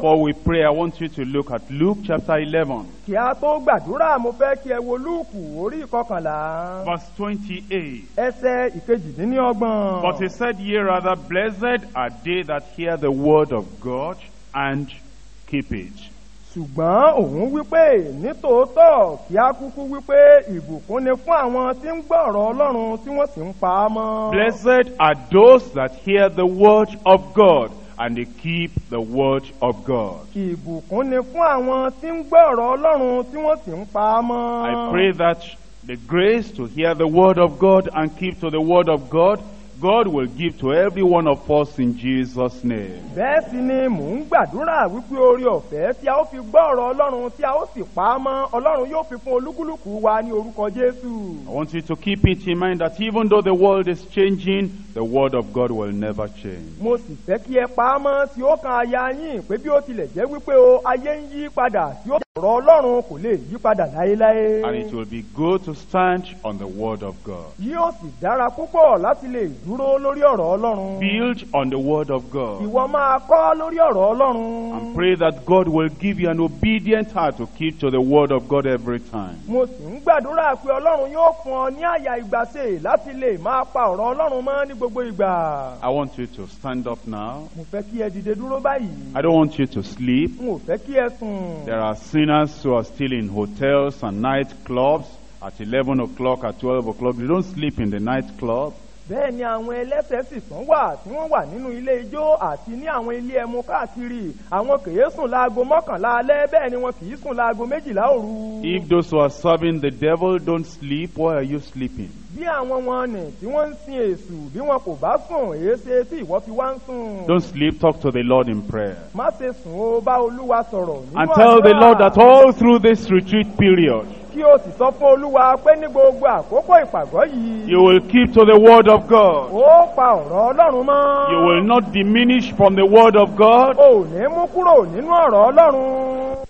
For we pray, I want you to look at Luke chapter 11. Kí a tó gbàdúrà, mo fẹ́ kí ẹ wo Lúùkù orí ìkọkànlá. Verse 28. Ẹsẹ̀ ìkejìdínlọ́gbọ̀n. But he said, Ye rather, blessed are they that hear the word of God and keep it. ṣùgbọ́n òun wípé nítòótọ́ kí á kúkú wípé ìbùkún ni fún àwọn tí ń gbọ́ ọ̀rọ̀ Ọlọ́run tí wọ́n sì ń pa á mọ́. Blessed are those that hear the word of God and they keep the word of God. Ìbùkún ni fún àwọn tí ń gbọ́ ọ̀rọ̀ Ọlọ́run tí wọ́n sì ń pa á mọ́. I pray that the grace to hear the word of God and keep to the word of God. God will give to every one of us in Jesus' name. Bẹ́ẹ̀ sì ni mò ń gbàdúrà wípé orí ọ̀fẹ́ tí a ó fi gbọ́ ọ̀rọ̀ Ọlọ́run tí a ó sì pa á mọ́ Ọlọ́run yóò fi fún olúkúlùkù wa ní orúkọ Jésù. I want you to keep it in mind that even though the world is changing, The word of God will never change. Mo sì fẹ́ kí ẹ pa á mọ́ tí ó kan aya yín pé bí ó tilẹ̀ jẹ́ wípé o ayé ń yí padà tí ó ọ̀rọ̀ Ọlọ́run kò lè yí padà láéláé. And it will be good to stand on the word of God. Yóò sì dára púpọ̀ láti lè dúró lórí ọ̀rọ̀ Ọlọ́run. Build on the word of God. Ìwọ máa kọ́ lórí ọ̀rọ̀ Ọlọ́run. And pray that God will give you an obedient heart to keep to the word of God every time. Mo sì ń gbàdúrà pé Ọlọ́run yóò fún ọ ní àyà ìgbàsè láti lè máa pa ọ̀rọ̀ Ọlọ́run mọ́ ní gbogbo ìgbà. I want you to stand up now. Mo fẹ́ kí ẹ dìde dúró báyìí. I don't want you to sleep. N fẹ́ kí ẹ sùn. There are sinners who are still in hotels and night clubs at eleven o'clock at twelve o'clock. They don't sleep in the night club. Bẹ́ẹ̀ ni àwọn ẹlẹ́sẹ̀ sì tán wà tí wọ́n wà nínú ilé ijó àti ní àwọn ilé ẹmu káàkiri. Àwọn kìí sùn láago mọ́kànlá alẹ́ bẹ́ẹ̀ ni wọn kìí sùn láago méjìlá òru. If those who are serving the devil don't sleep, why are you sleeping? bí àwọn wọn nì tí wọ́n ń sin èṣù bí wọn kò bá sùn èyí tí ìwọ fi wá ń sùn. don't sleep talk to the lord in prayer. má ṣe sùn o bá olúwa sọ̀rọ̀ and tell the lord that all through this retreat period. kí o sì sọ fún olúwa pé ní gbogbo àkókò ìpàgọ́ yìí. you will keep to the word of God. ó pa ọ̀rọ̀ ọlọ́run mọ́. you will not diminish from the word of God. o ní mú kúrò nínú ọ̀rọ̀ ọlọ́run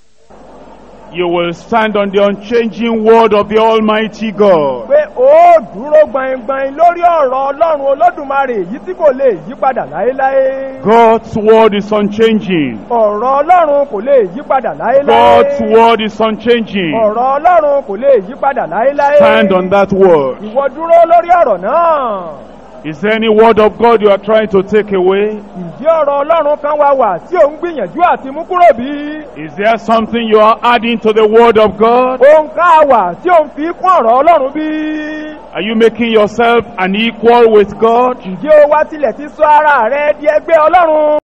you will stand on the unchanging word of the Almighty God. pé ó dúró gbaingbain lórí ọ̀rọ̀ Ọlọ́run Olódùmarè yìí tí kò lè yí padà láéláé. God's word is unchanging. ọ̀rọ̀ Ọlọ́run kò lè yí padà láéláé. God's word is unchanging. ọ̀rọ̀ Ọlọ́run kò lè yí padà láéláé. stand on that word. ìwọ dúró lórí ọ̀rọ̀ náà. Is there any word of God you are trying to take away? Ǹjẹ́ ọ̀rọ̀ Ọlọ́run kan wá wà tí ò ń gbìyànjú àti mú kúrò bí? Is there something you are adding to the word of God? Ohun ká wà tí ò ń fi kún ọ̀rọ̀ Ọlọ́run bí? Are you making yourself an equal with God? Ǹjẹ́ o wá tilẹ̀ ti sọ ara rẹ di ẹgbẹ́ Ọlọ́run?